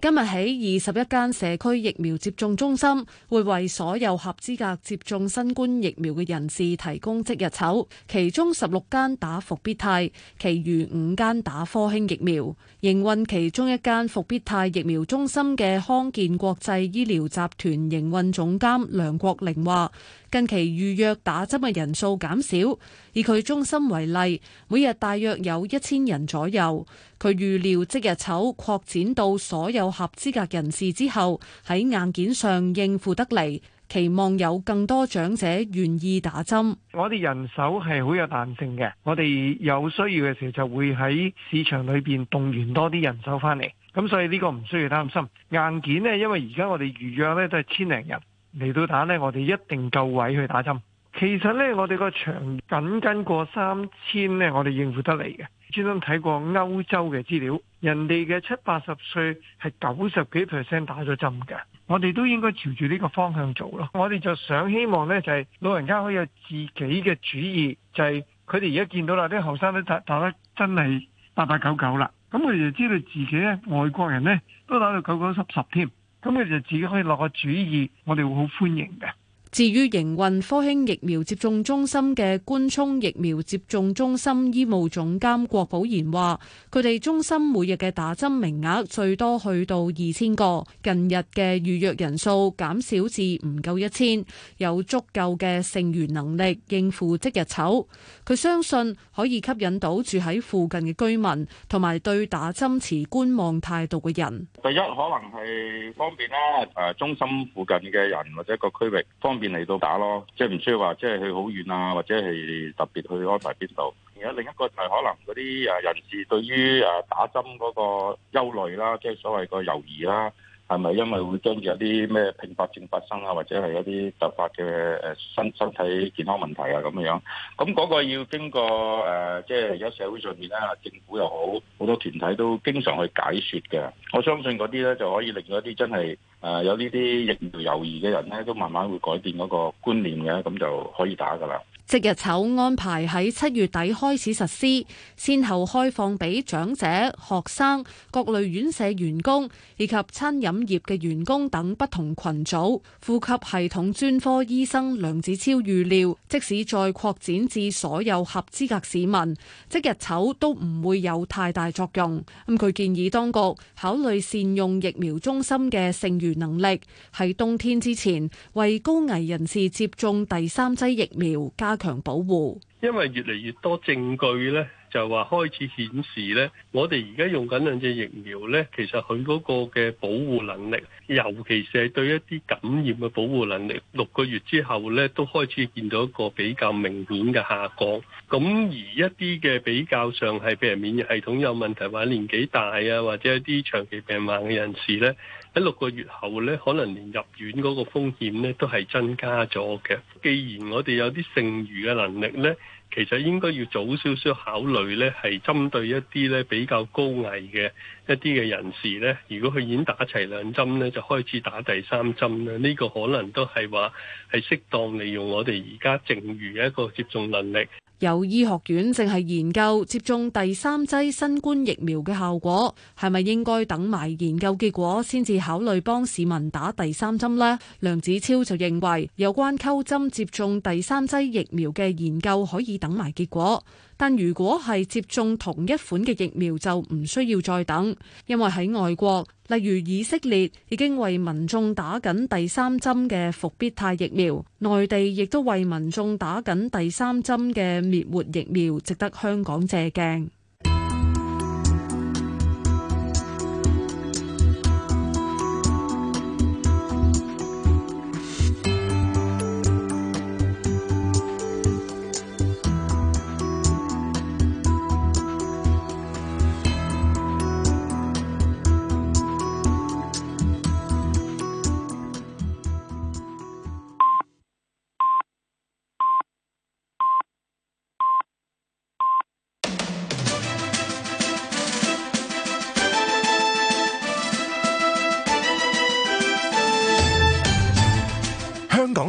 今日起，二十一間社區疫苗接種中心會，為所有合資格接種新冠疫苗嘅人士提供即日籌，其中十六間打復必泰，其餘五間打科興疫苗。營運其中一間復必泰疫苗中心嘅康健國際醫療集團營運總監梁國玲話。近期預約打針嘅人數減少，以佢中心為例，每日大約有一千人左右。佢預料即日籌擴展到所有合資格人士之後，喺硬件上應付得嚟，期望有更多長者願意打針。我哋人手係好有彈性嘅，我哋有需要嘅時候就會喺市場裏邊動員多啲人手翻嚟，咁所以呢個唔需要擔心。硬件呢，因為而家我哋預約呢都係千零人。嚟到打呢，我哋一定夠位去打針。其實呢，我哋個場僅僅過三千呢，我哋應付得嚟嘅。專登睇過歐洲嘅資料，人哋嘅七八十歲係九十幾 percent 打咗針嘅。我哋都應該朝住呢個方向做咯。我哋就想希望呢，就係老人家可以有自己嘅主意，就係佢哋而家見到啦，啲後生都打打得真係八八九九啦。咁佢哋就知道自己呢，外國人呢都打到九九十十添。咁你就自己可以落個主意，我哋會好歡迎嘅。至於營運科興疫苗接種中心嘅官涌疫苗接種中心醫務總監郭寶賢話，佢哋中心每日嘅打針名額最多去到二千個，近日嘅預約人數減少至唔夠一千，有足夠嘅剩餘能力應付即日籌。佢相信可以吸引到住喺附近嘅居民同埋對打針持觀望態度嘅人。第一可能係方便啦，誒中心附近嘅人或者個區域便嚟到打咯，即係唔需要話，即係去好遠啊，或者係特別去安排邊度。而家另一個就係可能嗰啲誒人士對於誒打針嗰個憂慮啦，即係所謂個猶豫啦。係咪因為會跟住有啲咩併發症發生啊，或者係一啲突發嘅誒身身體健康問題啊咁樣？咁、那、嗰個要經過誒，即係而家社會上面，啦，政府又好，好多團體都經常去解説嘅。我相信嗰啲咧就可以令到一啲真係誒、呃、有呢啲疫苗猶豫嘅人咧，都慢慢會改變嗰個觀念嘅，咁就可以打㗎啦。即日籌安排喺七月底開始實施，先後開放俾長者、學生、各類院舍員工以及餐飲業嘅員工等不同群組。呼吸系統專科醫生梁子超預料，即使再擴展至所有合資格市民，即日籌都唔會有太大作用。咁佢建議當局考慮善用疫苗中心嘅剩餘能力，喺冬天之前為高危人士接種第三劑疫苗加強保護，因為越嚟越多證據咧，就話、是、開始顯示咧，我哋而家用緊兩隻疫苗咧，其實佢嗰個嘅保護能力，尤其是係對一啲感染嘅保護能力，六個月之後咧，都開始見到一個比較明顯嘅下降。咁而一啲嘅比較上係譬如免疫系統有問題，或者年紀大啊，或者一啲長期病患嘅人士咧。喺六個月後咧，可能連入院嗰個風險咧都係增加咗嘅。既然我哋有啲剩餘嘅能力咧，其實應該要早少少考慮咧，係針對一啲咧比較高危嘅一啲嘅人士咧。如果佢已經打齊兩針咧，就開始打第三針咧。呢個可能都係話係適當利用我哋而家剩餘嘅一個接種能力。有醫學院正係研究接種第三劑新冠疫苗嘅效果，係咪應該等埋研究結果先至考慮幫市民打第三針呢？梁子超就認為，有關溝針接種第三劑疫苗嘅研究可以等埋結果。但如果係接種同一款嘅疫苗，就唔需要再等，因為喺外國，例如以色列已經為民眾打緊第三針嘅復必泰疫苗，內地亦都為民眾打緊第三針嘅滅活疫苗，值得香港借鏡。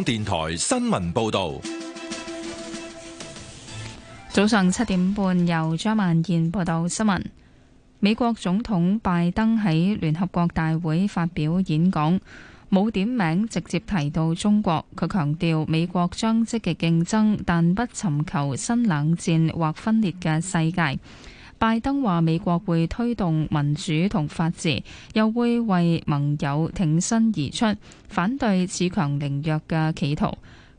電台新聞報道，早上七點半由張萬燕報道新聞。美國總統拜登喺聯合國大會發表演講，冇點名直接提到中國。佢強調，美國將積極競爭，但不尋求新冷戰或分裂嘅世界。拜登話：美國會推動民主同法治，又會為盟友挺身而出，反對恃強凌弱嘅企圖。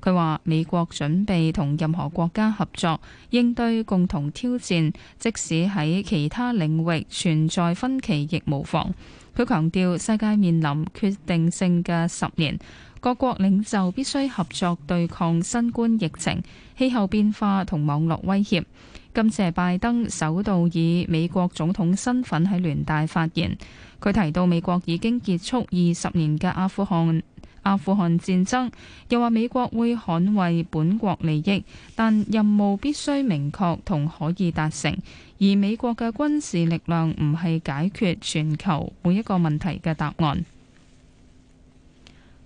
佢話：美國準備同任何國家合作，應對共同挑戰，即使喺其他領域存在分歧亦無妨。佢強調：世界面臨決定性嘅十年，各國領袖必須合作對抗新冠疫情、氣候變化同網絡威脅。今次係拜登首度以美國總統身份喺聯大發言，佢提到美國已經結束二十年嘅阿富汗阿富汗戰爭，又話美國會捍衛本國利益，但任務必須明確同可以達成，而美國嘅軍事力量唔係解決全球每一個問題嘅答案。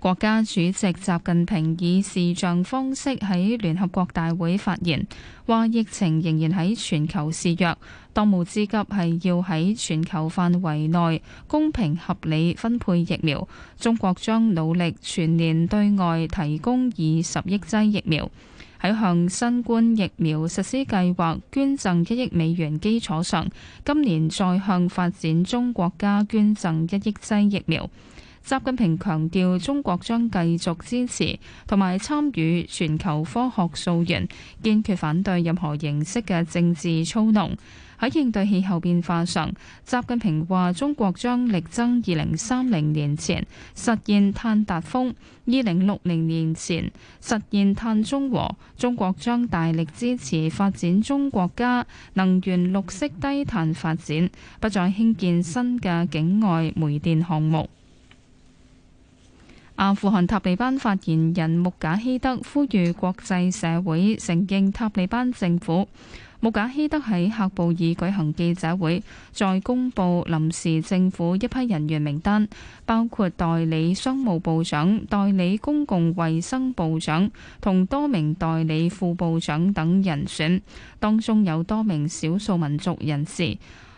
國家主席習近平以視像方式喺聯合國大會發言，話疫情仍然喺全球肆虐，當務之急係要喺全球範圍內公平合理分配疫苗。中國將努力全年對外提供二十億劑疫苗。喺向新冠疫苗實施計劃捐贈一億美元基礎上，今年再向發展中國家捐贈一億劑疫苗。習近平強調，中國將繼續支持同埋參與全球科學溯源，堅決反對任何形式嘅政治操弄。喺應對氣候變化上，習近平話中國將力爭二零三零年前實現碳達峰，二零六零年前實現碳中和。中國將大力支持發展中國家能源綠色低碳發展，不再興建新嘅境外煤電項目。阿富汗塔利班發言人穆賈希德呼籲國際社會承認塔利班政府。穆賈希德喺喀布爾舉行記者會，再公布臨時政府一批人員名單，包括代理商務部長、代理公共衛生部長同多名代理副部長等人選，當中有多名少數民族人士。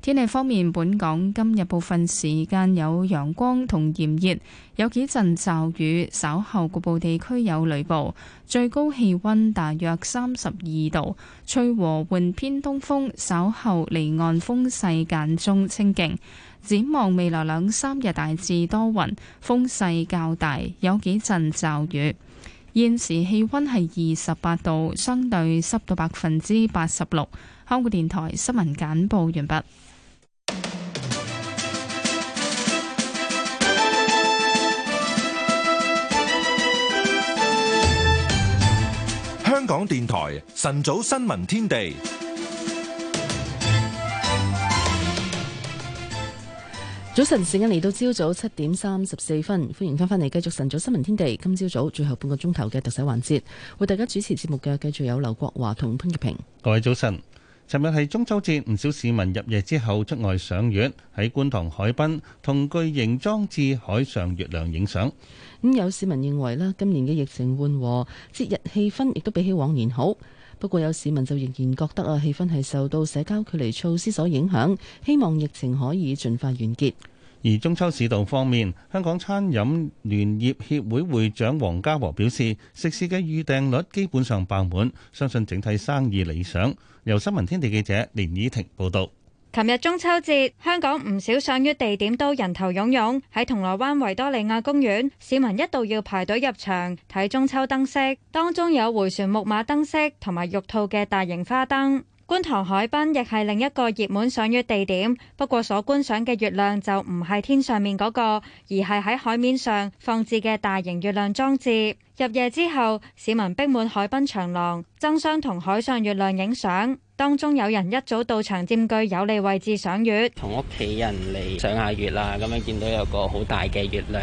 天氣方面，本港今日部分時間有陽光同炎熱，有幾陣驟雨，稍後局部地區有雷暴。最高氣溫大約三十二度，吹和緩偏東風，稍後離岸風勢間中清勁。展望未來兩三日大致多雲，風勢較大，有幾陣驟雨。現時氣溫係二十八度，相對濕度百分之八十六。香港電台新聞簡報完畢。香港電台晨早新聞天地，早晨，時間嚟到朝早七點三十四分，歡迎翻返嚟，繼續晨早新聞天地。今朝早最後半個鐘頭嘅特首環節，為大家主持節目嘅，繼續有劉國華同潘潔平。各位早晨，尋日係中秋節，唔少市民入夜之後出外賞月，喺觀塘海濱同巨型裝置海上月亮影相。咁有市民認為咧，今年嘅疫情緩和，節日氣氛亦都比起往年好。不過有市民就仍然覺得啊，氣氛係受到社交距離措施所影響，希望疫情可以盡快完結。而中秋市道方面，香港餐飲聯業協會會長黃家和表示，食肆嘅預訂率基本上爆滿，相信整體生意理想。由新聞天地記者連以婷報道。琴日中秋節，香港唔少賞月地點都人頭湧湧。喺銅鑼灣維多利亞公園，市民一度要排隊入場睇中秋燈飾，當中有回旋木馬燈飾同埋玉兔嘅大型花燈。觀塘海濱亦係另一個熱門賞月地點，不過所觀賞嘅月亮就唔係天上面嗰個，而係喺海面上放置嘅大型月亮裝置。入夜之後，市民逼滿海濱長廊，爭相同海上月亮影相。當中有人一早到場佔據有利位置賞月，同屋企人嚟賞下月啦。咁樣見到有個好大嘅月亮，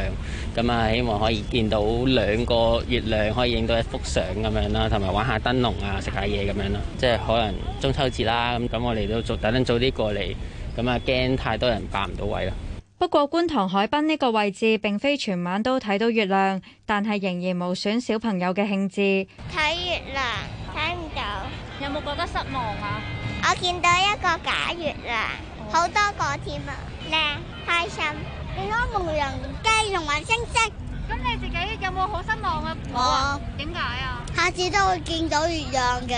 咁啊希望可以見到兩個月亮，可以影到一幅相咁樣啦，同埋玩下燈籠啊，食下嘢咁樣咯。即係可能中秋節啦，咁咁我哋都做，等等早啲過嚟，咁啊驚太多人霸唔到位啦。不過觀塘海濱呢個位置，並非全晚都睇到月亮，但係仍然無損小朋友嘅興致。睇月亮睇唔到。有冇覺得失望啊？我見到一個假月亮，啊，好、oh. 多個添啊，靚開心。見到牧羊雞同埋星星，咁你自己有冇好失望啊？冇。點解啊？下次都會見到月亮嘅。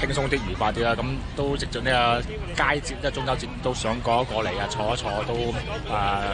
輕鬆啲、愉快啲啦，咁都直盡呢個佳節，即係中秋節，都想過一過嚟啊，坐一坐都誒，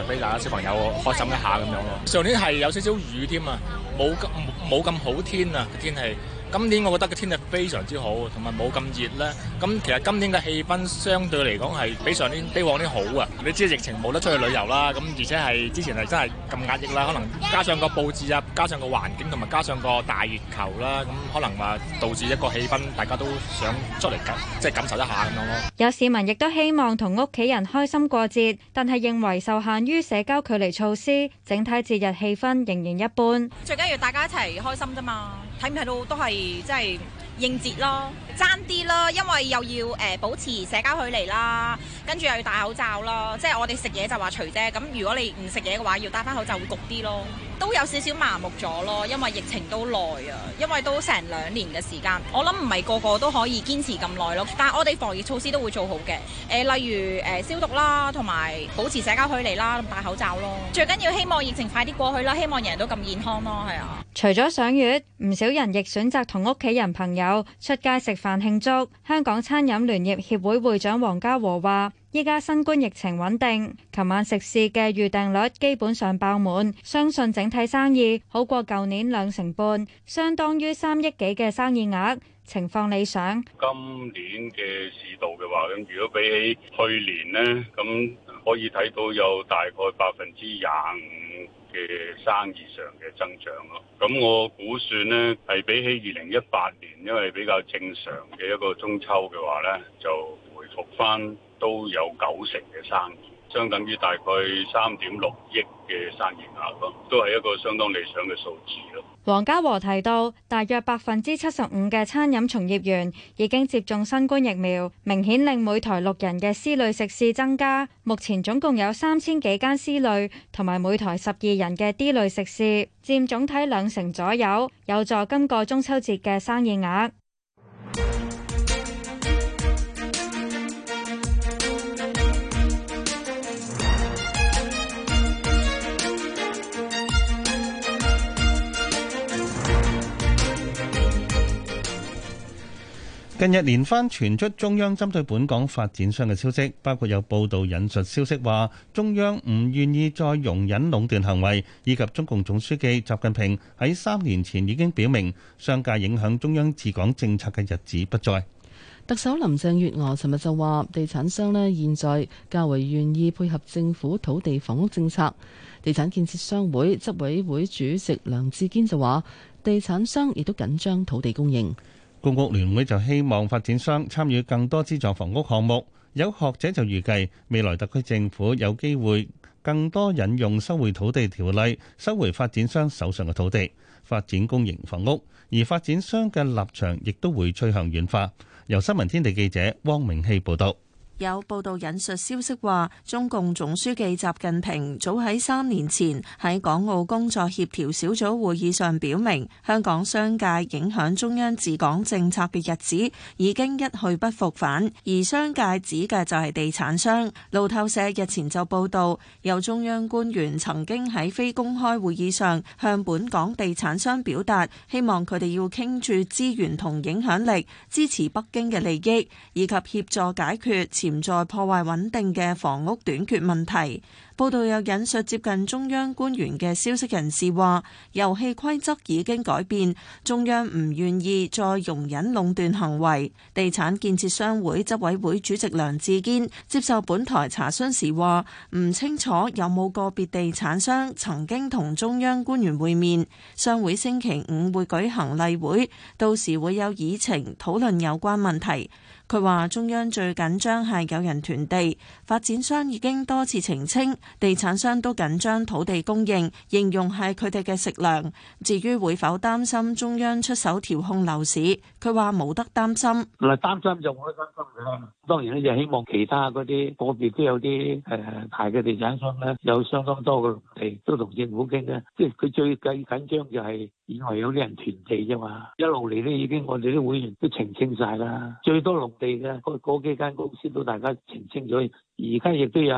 俾、呃、大家小朋友開心一下咁樣咯。上年係有少少雨添啊，冇冇冇咁好天啊，個天氣。今年我覺得個天氣非常之好，同埋冇咁熱啦。咁其實今年嘅氣氛相對嚟講係比上年、比往年好啊。你知疫情冇得出去旅遊啦，咁而且係之前係真係咁壓抑啦。可能加上個佈置啊，加上個環境，同埋加上個大熱球啦，咁可能話導致一個氣氛，大家都想出嚟感即係感受一下咁樣咯。有市民亦都希望同屋企人開心過節，但係認為受限於社交距離措施，整體節日氣氛仍然一般。最緊要大家一齊開心啫嘛！睇唔睇到都係，即係應節咯。爭啲咯，因為又要誒、呃、保持社交距離啦，跟住又要戴口罩啦，即係我哋食嘢就話除啫。咁如果你唔食嘢嘅話，要戴翻口罩會焗啲咯。都有少少麻木咗咯，因為疫情都耐啊，因為都成兩年嘅時間，我諗唔係個個都可以堅持咁耐咯。但係我哋防疫措施都會做好嘅，誒、呃、例如誒、呃、消毒啦，同埋保持社交距離啦，戴口罩咯。最緊要希望疫情快啲過去啦，希望人人都咁健康咯，係啊。除咗賞月，唔少人亦選擇同屋企人、朋友出街食凡慶祝，香港餐飲聯業協會會長黃家和話，依家新冠疫情穩定，琴晚食肆嘅預訂率基本上爆滿，相信整體生意好過舊年兩成半，相當於三億幾嘅生意額，情況理想。今年嘅市道嘅話，咁如果比起去年呢，咁可以睇到有大概百分之廿五。嘅生意上嘅增長咯，咁我估算呢，係比起二零一八年，因為比較正常嘅一個中秋嘅話呢就回復翻都有九成嘅生意，相等於大概三點六億嘅生意額咯，都係一個相當理想嘅數字咯。黃家和提到，大約百分之七十五嘅餐飲從業員已經接種新冠疫苗，明顯令每台六人嘅 C 類食肆增加。目前總共有三千幾間 C 類，同埋每台十二人嘅 D 類食肆，佔總體兩成左右，有助今個中秋節嘅生意額。近日連番傳出中央針對本港發展商嘅消息，包括有報道引述消息話，中央唔願意再容忍壟斷行為，以及中共總書記習近平喺三年前已經表明，商界影響中央治港政策嘅日子不再。特首林鄭月娥尋日就話，地產商呢現在較為願意配合政府土地房屋政策。地產建設商會執委會主席梁志堅就話，地產商亦都緊張土地供應。公屋聯會就希望發展商參與更多資助房屋項目。有學者就預計未來特區政府有機會更多引用收回土地條例，收回發展商手上嘅土地，發展公營房屋。而發展商嘅立場亦都會趨向軟化。由新聞天地記者汪明熙報道。有報道引述消息話，中共總書記習近平早喺三年前喺港澳工作協調小組會議上表明，香港商界影響中央治港政策嘅日子已經一去不復返，而商界指嘅就係地產商。路透社日前就報道，有中央官員曾經喺非公開會議上向本港地產商表達，希望佢哋要傾注資源同影響力，支持北京嘅利益，以及協助解決。潛在破壞穩定嘅房屋短缺問題。報道有引述接近中央官員嘅消息人士話，遊戲規則已經改變，中央唔願意再容忍壟斷行為。地產建設商會執委會主席梁志堅接受本台查詢時話，唔清楚有冇個別地產商曾經同中央官員會面。商會星期五會舉行例會，到時會有議程討論有關問題。佢話中央最緊張係有人囤地，發展商已經多次澄清，地產商都緊張土地供應，形容係佢哋嘅食糧。至於會否擔心中央出手調控樓市，佢話冇得擔心。唔係擔心就冇得擔心嘅啦。當然咧，就希望其他嗰啲個別都有啲誒大嘅地產商咧，有相當多嘅地都同政府傾咧，即係佢最緊張就係。以外有啲人囤地啫嘛，一路嚟咧已經我哋啲會員都澄清晒啦，最多農地嘅嗰嗰幾間公司都大家澄清咗。而家亦都有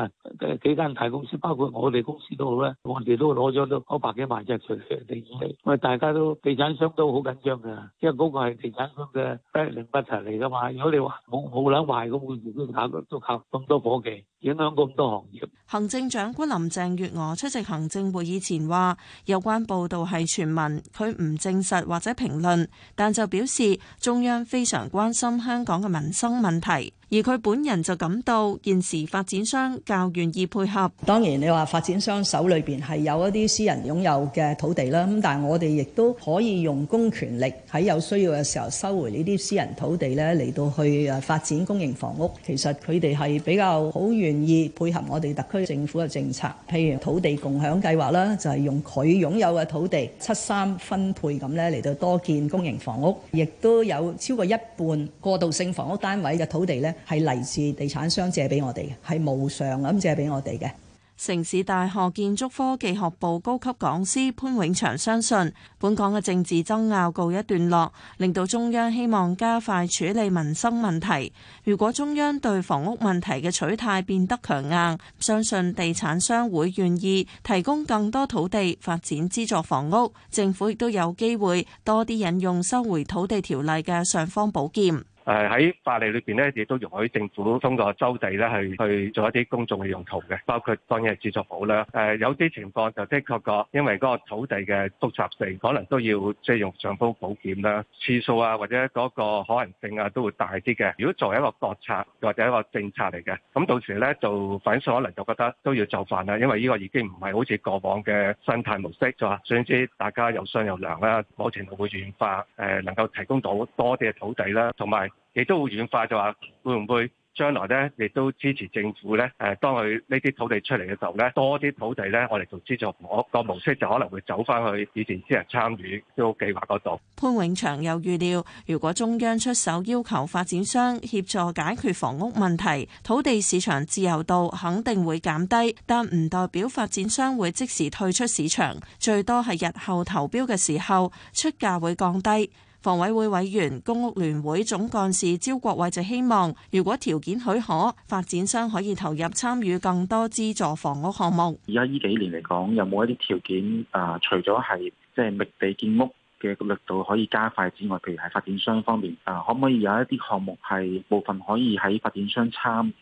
幾間大公司，包括我哋公司都好啦，我哋都攞咗都百幾萬隻。除地契。大家都地產商都好緊張嘅，因為嗰個係地產商嘅百靈不齊嚟噶嘛。如果你話冇冇撚賣，咁會，唔會搞到都靠咁多伙計影響咁多行業？行政長官林鄭月娥出席行政會議前話有關報道係傳聞，佢唔證實或者評論，但就表示中央非常關心香港嘅民生問題，而佢本人就感到現時。發展商較願意配合。當然，你話發展商手裏邊係有一啲私人擁有嘅土地啦。咁但係我哋亦都可以用公權力喺有需要嘅時候收回呢啲私人土地咧，嚟到去誒發展公營房屋。其實佢哋係比較好願意配合我哋特區政府嘅政策，譬如土地共享計劃啦，就係用佢擁有嘅土地七三分配咁咧嚟到多建公營房屋。亦都有超過一半過渡性房屋單位嘅土地咧係嚟自地產商借俾我哋嘅。係無償咁借俾我哋嘅。城市大學建築科技學部高級講師潘永祥相信，本港嘅政治爭拗告一段落，令到中央希望加快處理民生問題。如果中央對房屋問題嘅取態變得強硬，相信地產商會願意提供更多土地發展資助房屋。政府亦都有機會多啲引用收回土地條例嘅尚方寶劍。誒喺法例裏邊咧，亦都容許政府通過租地咧，去去做一啲公眾嘅用途嘅，包括當然資助補啦。誒、呃、有啲情況就的確確,確，因為嗰個土地嘅複雜性，可能都要即係用上方保險啦，次數啊或者嗰個可能性啊都會大啲嘅。如果作為一個國策或者一個政策嚟嘅，咁到時咧就反訴，可能就覺得都要就範啦，因為呢個已經唔係好似過往嘅生態模式，就話總之大家又商又量啦，某程度會軟化，誒、呃、能夠提供到多啲嘅土地啦，同埋。亦都會軟化，就話會唔會將來呢？亦都支持政府呢。誒，當佢呢啲土地出嚟嘅時候呢，多啲土地呢，我哋做資助房個模式就可能會走翻去以前私人參與都屋計劃嗰度。潘永祥又預料，如果中央出手要求發展商協助解決房屋問題，土地市場自由度肯定會減低，但唔代表發展商會即時退出市場，最多係日後投標嘅時候出價會降低。房委會委員、公屋聯會總幹事招國偉就希望，如果條件許可，發展商可以投入參與更多資助房屋項目。而家呢幾年嚟講，有冇一啲條件？誒、啊，除咗係即係覓地建屋嘅力度可以加快之外，譬如喺發展商方面，誒、啊，可唔可以有一啲項目係部分可以喺發展商參與？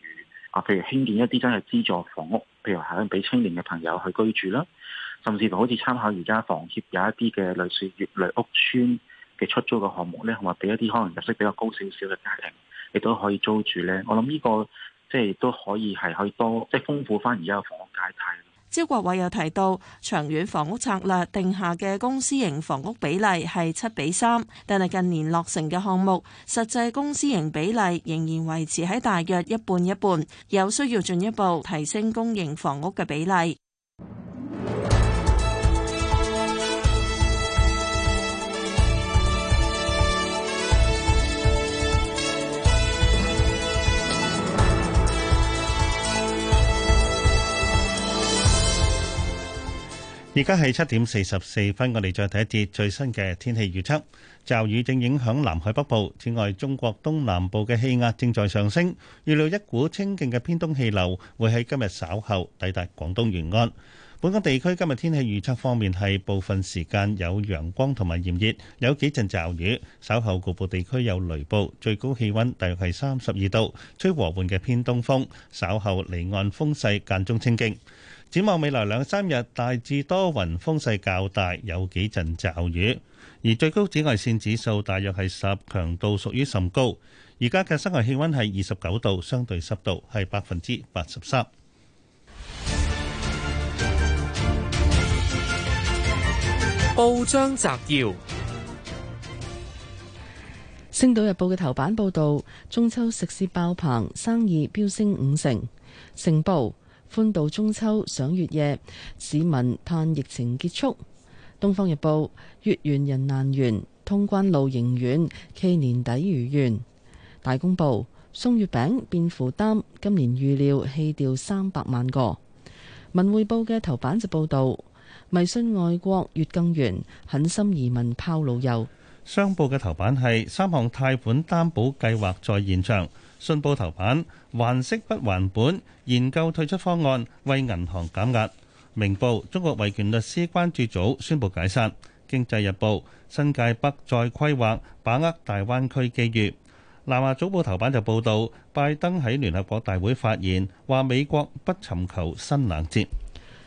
啊，譬如興建一啲真係資助房屋，譬如係俾青年嘅朋友去居住啦，甚至乎好似參考而家房協有一啲嘅類似越累屋村。嘅出租嘅項目呢，同埋俾一啲可能入息比較高少少嘅家庭，亦都可以租住呢，我諗呢個即係都可以係可以多即係豐富翻而家嘅房屋階梯。焦國偉又提到，長遠房屋策略定下嘅公私營房屋比例係七比三，但係近年落成嘅項目，實際公私營比例仍然維持喺大約一半一半，有需要進一步提升公營房屋嘅比例。而家係七點四十四分，我哋再睇一節最新嘅天氣預測。驟雨正影響南海北部，此外，中國東南部嘅氣壓正在上升。預料一股清勁嘅偏東氣流會喺今日稍後抵達廣東沿岸。本港地區今日天，天氣預測方面，係部分時間有陽光同埋炎熱，有幾陣驟雨。稍後局部地區有雷暴，最高氣溫大約係三十二度，吹和緩嘅偏東風。稍後離岸風勢間中清勁。展望未來兩三日，大致多雲，風勢較大，有幾陣驟雨。而最高紫外線指數大約係十，強度屬於甚高。而家嘅室外氣溫係二十九度，相對濕度係百分之八十三。報章摘要：《星島日報》嘅頭版報道，中秋食肆爆棚，生意飆升五成。成報。歡度中秋賞月夜，市民盼疫情結束。《東方日報》：月圓人難圓，通關路仍遠，期年底如願。《大公報》：送月餅變負擔，今年預料棄掉三百萬個。《文匯報》嘅頭版就報道：迷信外國月更圓，狠心移民拋老幼。商報嘅頭版係三項貸款擔保計劃在延長，信報頭版還息不還本，研究退出方案為銀行減壓。明報，中國維權律師關注組宣布解散。經濟日報，新界北再規劃，把握大灣區機遇。南華早報頭版就報導拜登喺聯合國大會發言，話美國不尋求新冷戰。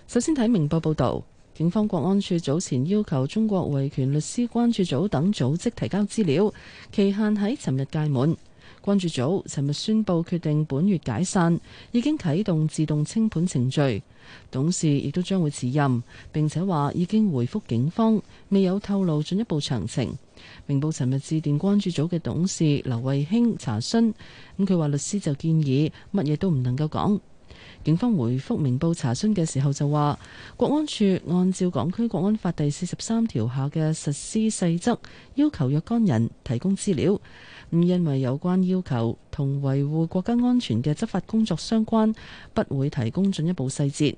首先睇明報報導。警方國安處早前要求中國維權律師關注組等組織提交資料，期限喺尋日屆滿。關注組尋日宣布決定本月解散，已經啟動自動清盤程序，董事亦都將會辭任，並且話已經回覆警方，未有透露進一步詳情。明報尋日致電關注組嘅董事劉慧卿查詢，咁佢話律師就建議乜嘢都唔能夠講。警方回覆明報查詢嘅時候就話，國安處按照《港區國安法》第四十三條下嘅實施細則，要求若干人提供資料，認為有關要求同維護國家安全嘅執法工作相關，不會提供進一步細節。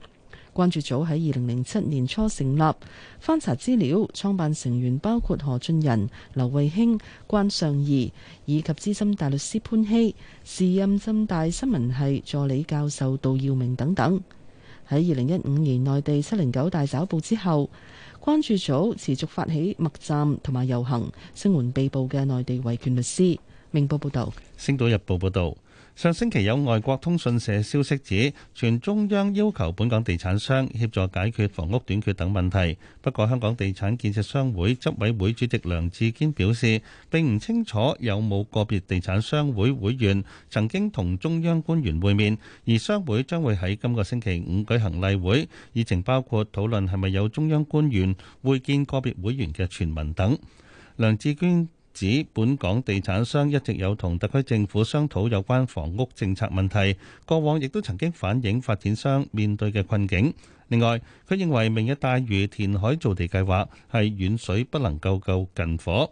關注組喺二零零七年初成立，翻查資料，創辦成員包括何俊仁、劉慧卿、關尚儀以及資深大律師潘希，時任浸大新聞系助理教授杜耀明等等。喺二零一五年內地七零九大抓捕之後，關注組持續發起默站同埋遊行，聲援被捕嘅內地維權律師。明報報道。星島日報報道。上星期有外國通訊社消息指，全中央要求本港地產商協助解決房屋短缺等問題。不過香港地產建設商會執委會主席梁志堅表示，並唔清楚有冇個別地產商會會員曾經同中央官員會面，而商會將會喺今個星期五舉行例會，議程包括討論係咪有中央官員會見個別會員嘅傳聞等。梁志堅。指本港地產商一直有同特區政府商討有關房屋政策問題，過往亦都曾經反映發展商面對嘅困境。另外，佢認為明日大嶼填海造地計劃係遠水不能夠救近火，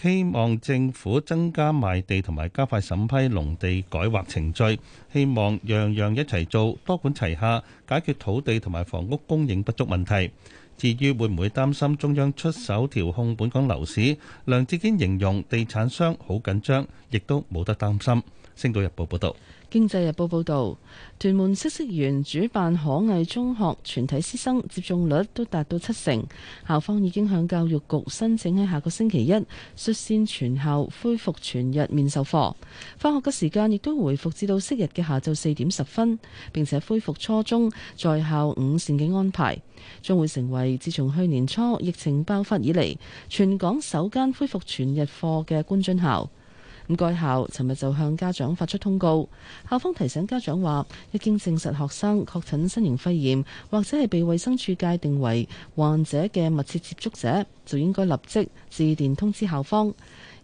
希望政府增加賣地同埋加快審批農地改劃程序，希望樣樣一齊做，多管齊下解決土地同埋房屋供應不足問題。至於會唔會擔心中央出手調控本港樓市，梁志堅形容地產商好緊張，亦都冇得擔心。星島日報報道。經濟日報報導，屯門嗇色園主辦可藝中學全體師生接種率都達到七成，校方已經向教育局申請喺下個星期一率先全校恢復全日面授課，返學嘅時間亦都回復至到昔日嘅下晝四點十分，並且恢復初中在校午膳嘅安排，將會成為自從去年初疫情爆發以嚟全港首間恢復全日課嘅官津校。咁該校尋日就向家長發出通告，校方提醒家長話，一經證實學生確診新型肺炎，或者係被衛生署界定為患者嘅密切接觸者，就應該立即致電通知校方。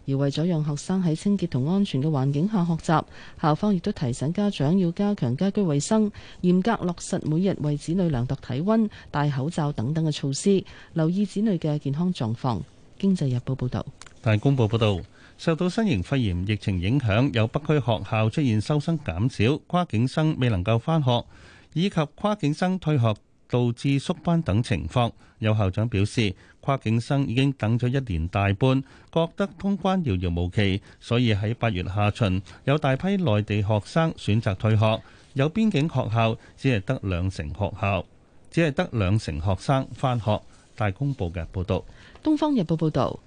而為咗讓學生喺清潔同安全嘅環境下學習，校方亦都提醒家長要加強家居衞生，嚴格落實每日為子女量度體温、戴口罩等等嘅措施，留意子女嘅健康狀況。經濟日報報道。大公報報道。受到新型肺炎疫情影響，有北區學校出現收生減少、跨境生未能夠翻學以及跨境生退學導致縮班等情況，有校長表示，跨境生已經等咗一年大半，覺得通關遙遙無期，所以喺八月下旬有大批內地學生選擇退學，有邊境學校只係得兩成學校，只係得兩成學生翻學。大公報嘅報道，東方日報報道。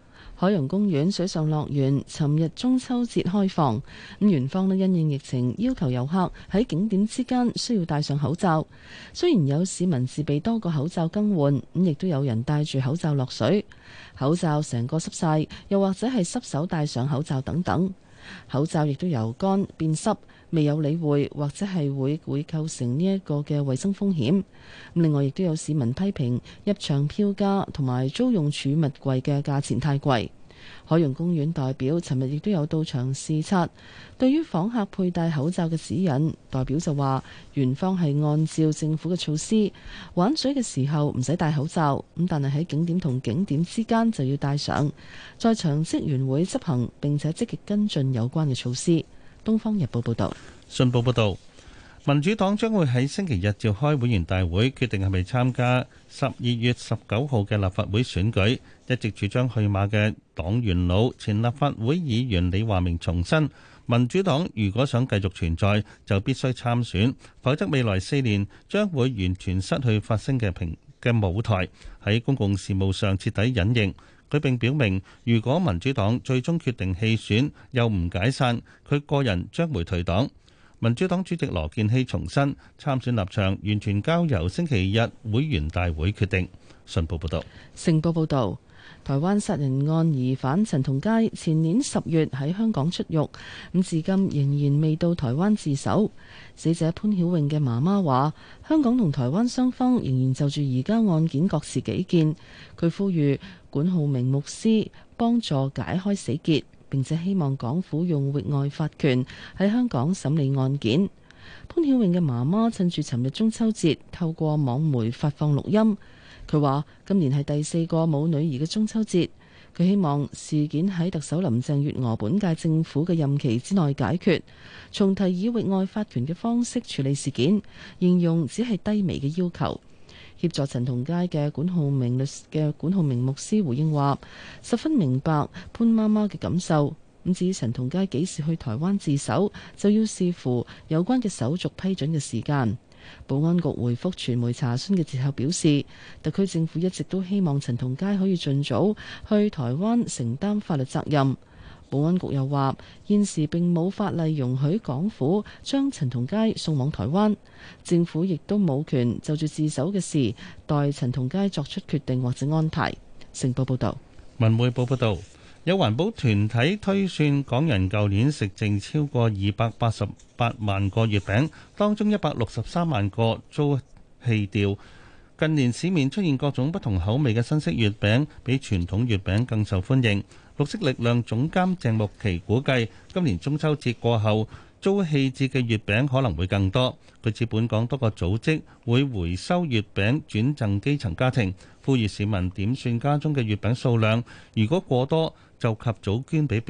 海洋公園水上樂園尋日中秋節開放，咁園方呢因應疫情要求遊客喺景點之間需要戴上口罩。雖然有市民自備多個口罩更換，咁亦都有人戴住口罩落水，口罩成個濕晒，又或者係濕手戴上口罩等等，口罩亦都由乾變濕。未有理會或者係會會構成呢一個嘅衛生風險，另外，亦都有市民批評入場票價同埋租用儲物櫃嘅價錢太貴。海洋公園代表尋日亦都有到場視察，對於訪客佩戴口罩嘅指引，代表就話園方係按照政府嘅措施，玩水嘅時候唔使戴口罩，咁但係喺景點同景點之間就要戴上，在場職員會執行並且積極跟進有關嘅措施。《東方日報》報導，《信報》報導，民主黨將會喺星期日召開會員大會，決定係咪參加十二月十九號嘅立法會選舉。一直主張去馬嘅黨員老前立法會議員李華明重申，民主黨如果想繼續存在，就必須參選，否則未來四年將會完全失去發聲嘅平嘅舞台，喺公共事務上徹底隱形。佢並表明，如果民主黨最終決定棄選又唔解散，佢個人將會退黨。民主黨主席羅健熙重申，參選立場完全交由星期日會員大會決定。信報報導，成報報導。台灣殺人案疑犯陳同佳前年十月喺香港出獄，咁至今仍然未到台灣自首。死者潘曉穎嘅媽媽話：香港同台灣雙方仍然就住而家案件各持己見。佢呼籲管浩明牧師幫助解開死結，並且希望港府用域外法權喺香港審理案件。潘曉穎嘅媽媽趁住尋日中秋節，透過網媒發放錄音。佢話：今年係第四個冇女兒嘅中秋節，佢希望事件喺特首林鄭月娥本屆政府嘅任期之內解決，重提以域外法權嘅方式處理事件，形容只係低微嘅要求。協助陳同佳嘅管浩明律嘅管浩明牧師回應話：十分明白潘媽媽嘅感受，咁至於陳同佳幾時去台灣自首，就要視乎有關嘅手續批准嘅時間。保安局回覆傳媒查詢嘅時候表示，特區政府一直都希望陳同佳可以盡早去台灣承擔法律責任。保安局又話，現時並冇法例容許港府將陳同佳送往台灣，政府亦都冇權就住自首嘅事代陳同佳作出決定或者安排。成報報道，文匯報報道。有環保團體推算，港人舊年食剩超過二百八十八萬個月餅，當中一百六十三萬個遭棄掉。近年市面出現各種不同口味嘅新式月餅，比傳統月餅更受歡迎。綠色力量總監鄭木奇估計，今年中秋節過後，租棄置嘅月餅可能會更多。據知本港多個組織會回收月餅轉贈基層家庭，呼籲市民點算家中嘅月餅數量，如果過多就及早捐俾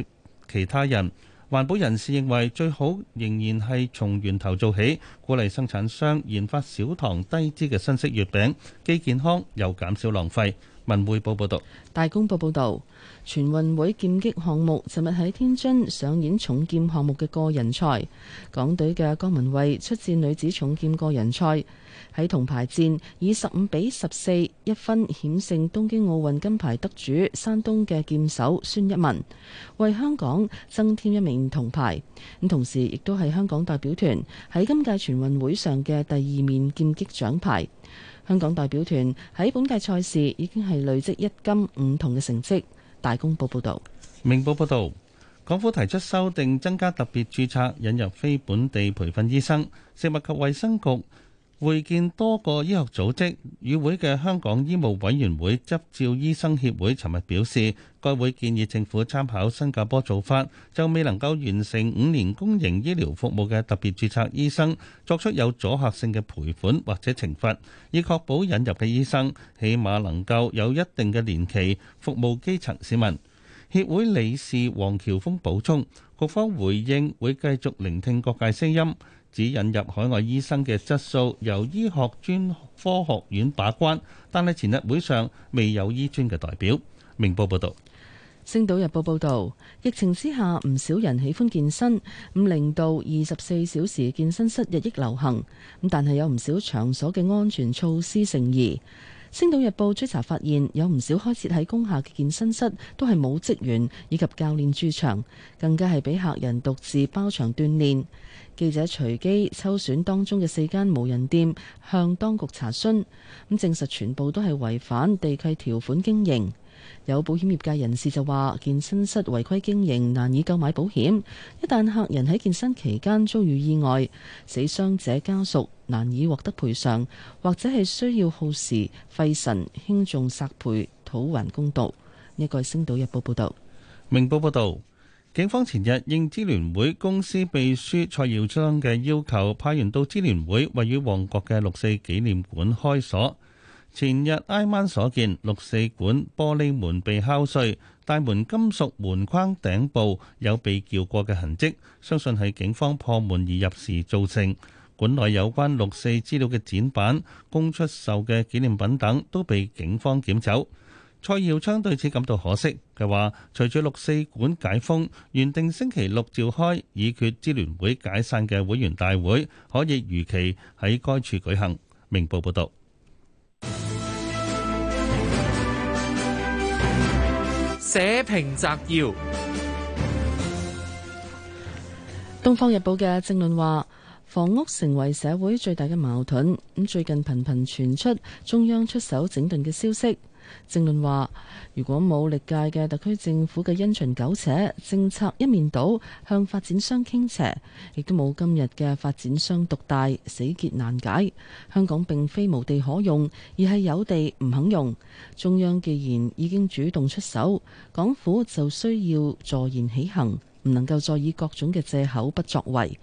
其他人。環保人士認為最好仍然係從源頭做起，鼓勵生產商研發少糖低脂嘅新式月餅，既健康又減少浪費。文匯報報道。大公報報道。全運會劍擊項目，尋日喺天津上演重劍項目嘅個人賽。港隊嘅江文蔚出戰女子重劍個人賽，喺銅牌戰以十五比十四一分險勝東京奧運金牌得主山東嘅劍手孫一文，為香港增添一名銅牌。咁同時亦都係香港代表團喺今屆全運會上嘅第二面劍擊獎牌。香港代表團喺本屆賽事已經係累積一金五銅嘅成績。大公報報導，明報報導，港府提出修訂，增加特別註冊，引入非本地培訓醫生、食物及衛生局會見多個醫學組織，與會嘅香港醫務委員會執照醫生協會尋日表示，該會建議政府參考新加坡做法，就未能夠完成五年公營醫療服務嘅特別註冊醫生，作出有阻嚇性嘅賠款或者懲罰，以確保引入嘅醫生起碼能夠有一定嘅年期服務基層市民。協會理事黃喬峰補充，局方回應會繼續聆聽各界聲音。指引入海外醫生嘅質素由醫學專科學院把關，但係前日會上未有醫專嘅代表。明報報道。《星島日報》報道，疫情之下唔少人喜歡健身，咁令到二十四小時健身室日益流行。咁但係有唔少場所嘅安全措施成疑，《星島日報》追查發現，有唔少開設喺工廈嘅健身室都係冇職員以及教練駐場，更加係俾客人獨自包場鍛鍊。記者隨機抽選當中嘅四間無人店，向當局查詢，咁證實全部都係違反地契條款經營。有保險業界人士就話：健身室違規經營，難以購買保險。一旦客人喺健身期間遭遇意外，死傷者家屬難以獲得賠償，或者係需要耗時費神，輕重索賠討還公道。呢個係《星島日報》報道。《明報》報道。警方前日應支聯會公司秘書蔡耀章嘅要求，派員到支聯會位於旺角嘅六四紀念館開鎖。前日挨晚所見，六四館玻璃門被敲碎，大門金屬門框頂部有被撬過嘅痕跡，相信係警方破門而入時造成。館內有關六四資料嘅展板、供出售嘅紀念品等都被警方檢走。蔡耀昌對此感到可惜，佢話：隨住六四館解封，原定星期六召開議決，支聯會解散嘅會員大會，可以如期喺該處舉行。明報報道。社評摘要：《東方日報》嘅正論話，房屋成為社會最大嘅矛盾，咁最近頻頻傳出中央出手整頓嘅消息。政論話：如果冇歷屆嘅特區政府嘅因循苟且政策，一面倒向發展商傾斜，亦都冇今日嘅發展商獨大，死結難解。香港並非無地可用，而係有地唔肯用。中央既然已經主動出手，港府就需要坐言起行，唔能夠再以各種嘅借口不作為。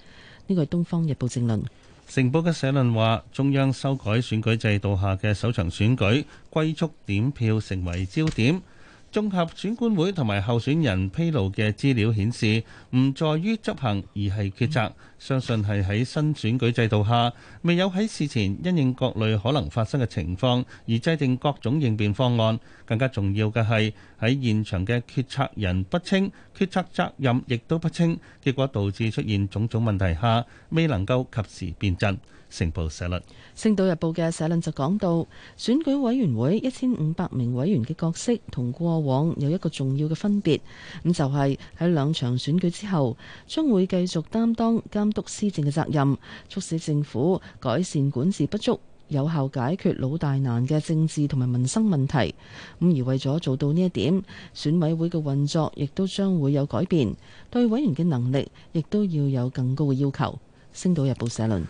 呢個係《東方日報》政論。成報嘅社論話，中央修改選舉制度下嘅首場選舉，歸宿點票成為焦點。綜合選管會同埋候選人披露嘅資料顯示，唔在於執行，而係抉擇。相信係喺新選舉制度下，未有喺事前因應各類可能發生嘅情況而制定各種應變方案。更加重要嘅係喺現場嘅決策人不清，決策責任亦都不清，結果導致出現種種問題下，未能夠及時變陣。成報社論，《星島日報》嘅社論就講到，選舉委員會一千五百名委員嘅角色同過往有一個重要嘅分別，咁就係喺兩場選舉之後將會繼續擔當監督施政嘅責任，促使政府改善管治不足，有效解決老大難嘅政治同埋民生問題。咁而為咗做到呢一點，選委會嘅運作亦都將會有改變，對委員嘅能力亦都要有更高嘅要求。星島日報社論，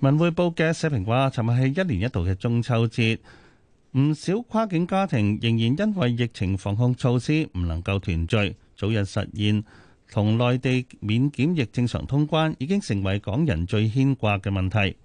文匯報嘅社評話：尋日係一年一度嘅中秋節，唔少跨境家庭仍然因為疫情防控措施唔能夠團聚，早日實現。同內地免檢疫正常通關已經成為港人最牽掛嘅問題，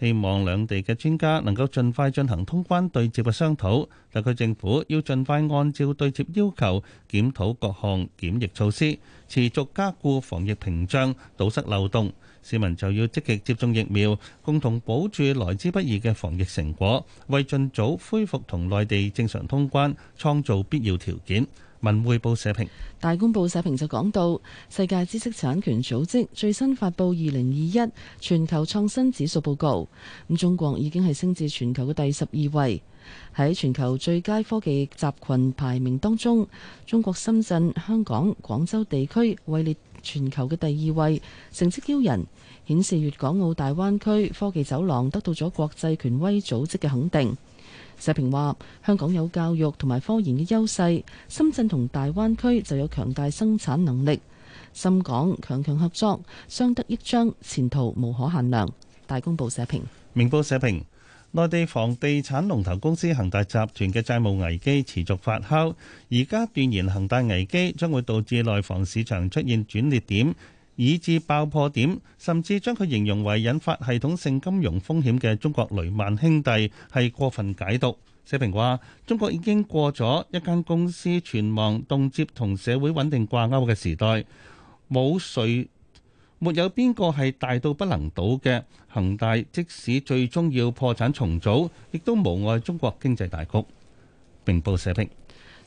希望兩地嘅專家能夠盡快進行通關對接嘅商討。特區政府要盡快按照對接要求檢討各項檢疫措施，持續加固防疫屏障，堵塞漏洞。市民就要積極接種疫苗，共同保住來之不易嘅防疫成果，為儘早恢復同內地正常通關創造必要條件。文匯報社評，大公報社評就講到，世界知識產權組織最新發佈二零二一全球創新指數報告，咁中國已經係升至全球嘅第十二位。喺全球最佳科技集群排名當中，中國深圳、香港、廣州地區位列全球嘅第二位，成績驕人，顯示粵港澳大灣區科技走廊得到咗國際權威組織嘅肯定。社評話：香港有教育同埋科研嘅優勢，深圳同大灣區就有強大生產能力。深港強強合作，相得益彰，前途無可限量。大公報社評、明報社評，內地房地產龍頭公司恒大集團嘅債務危機持續發酵，而家斷言恒大危機將會導致內房市場出現轉捩點以致爆破點，甚至將佢形容為引發系統性金融風險嘅中國雷曼兄弟係過分解讀。社評話：中國已經過咗一間公司存亡動輒同社會穩定掛鈎嘅時代，冇誰沒有邊個係大到不能倒嘅。恒大即使最終要破產重組，亦都無礙中國經濟大局。並報社評。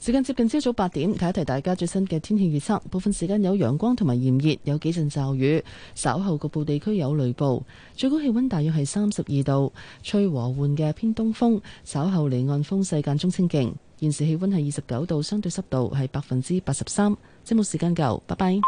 時間接近朝早八點，提一提大家最新嘅天氣預測。部分時間有陽光同埋炎熱，有幾陣驟雨。稍後局部地區有雷暴。最高氣溫大約係三十二度，吹和緩嘅偏東風。稍後離岸風勢間中清勁。現時氣溫係二十九度，相對濕度係百分之八十三。節目時間夠，拜拜。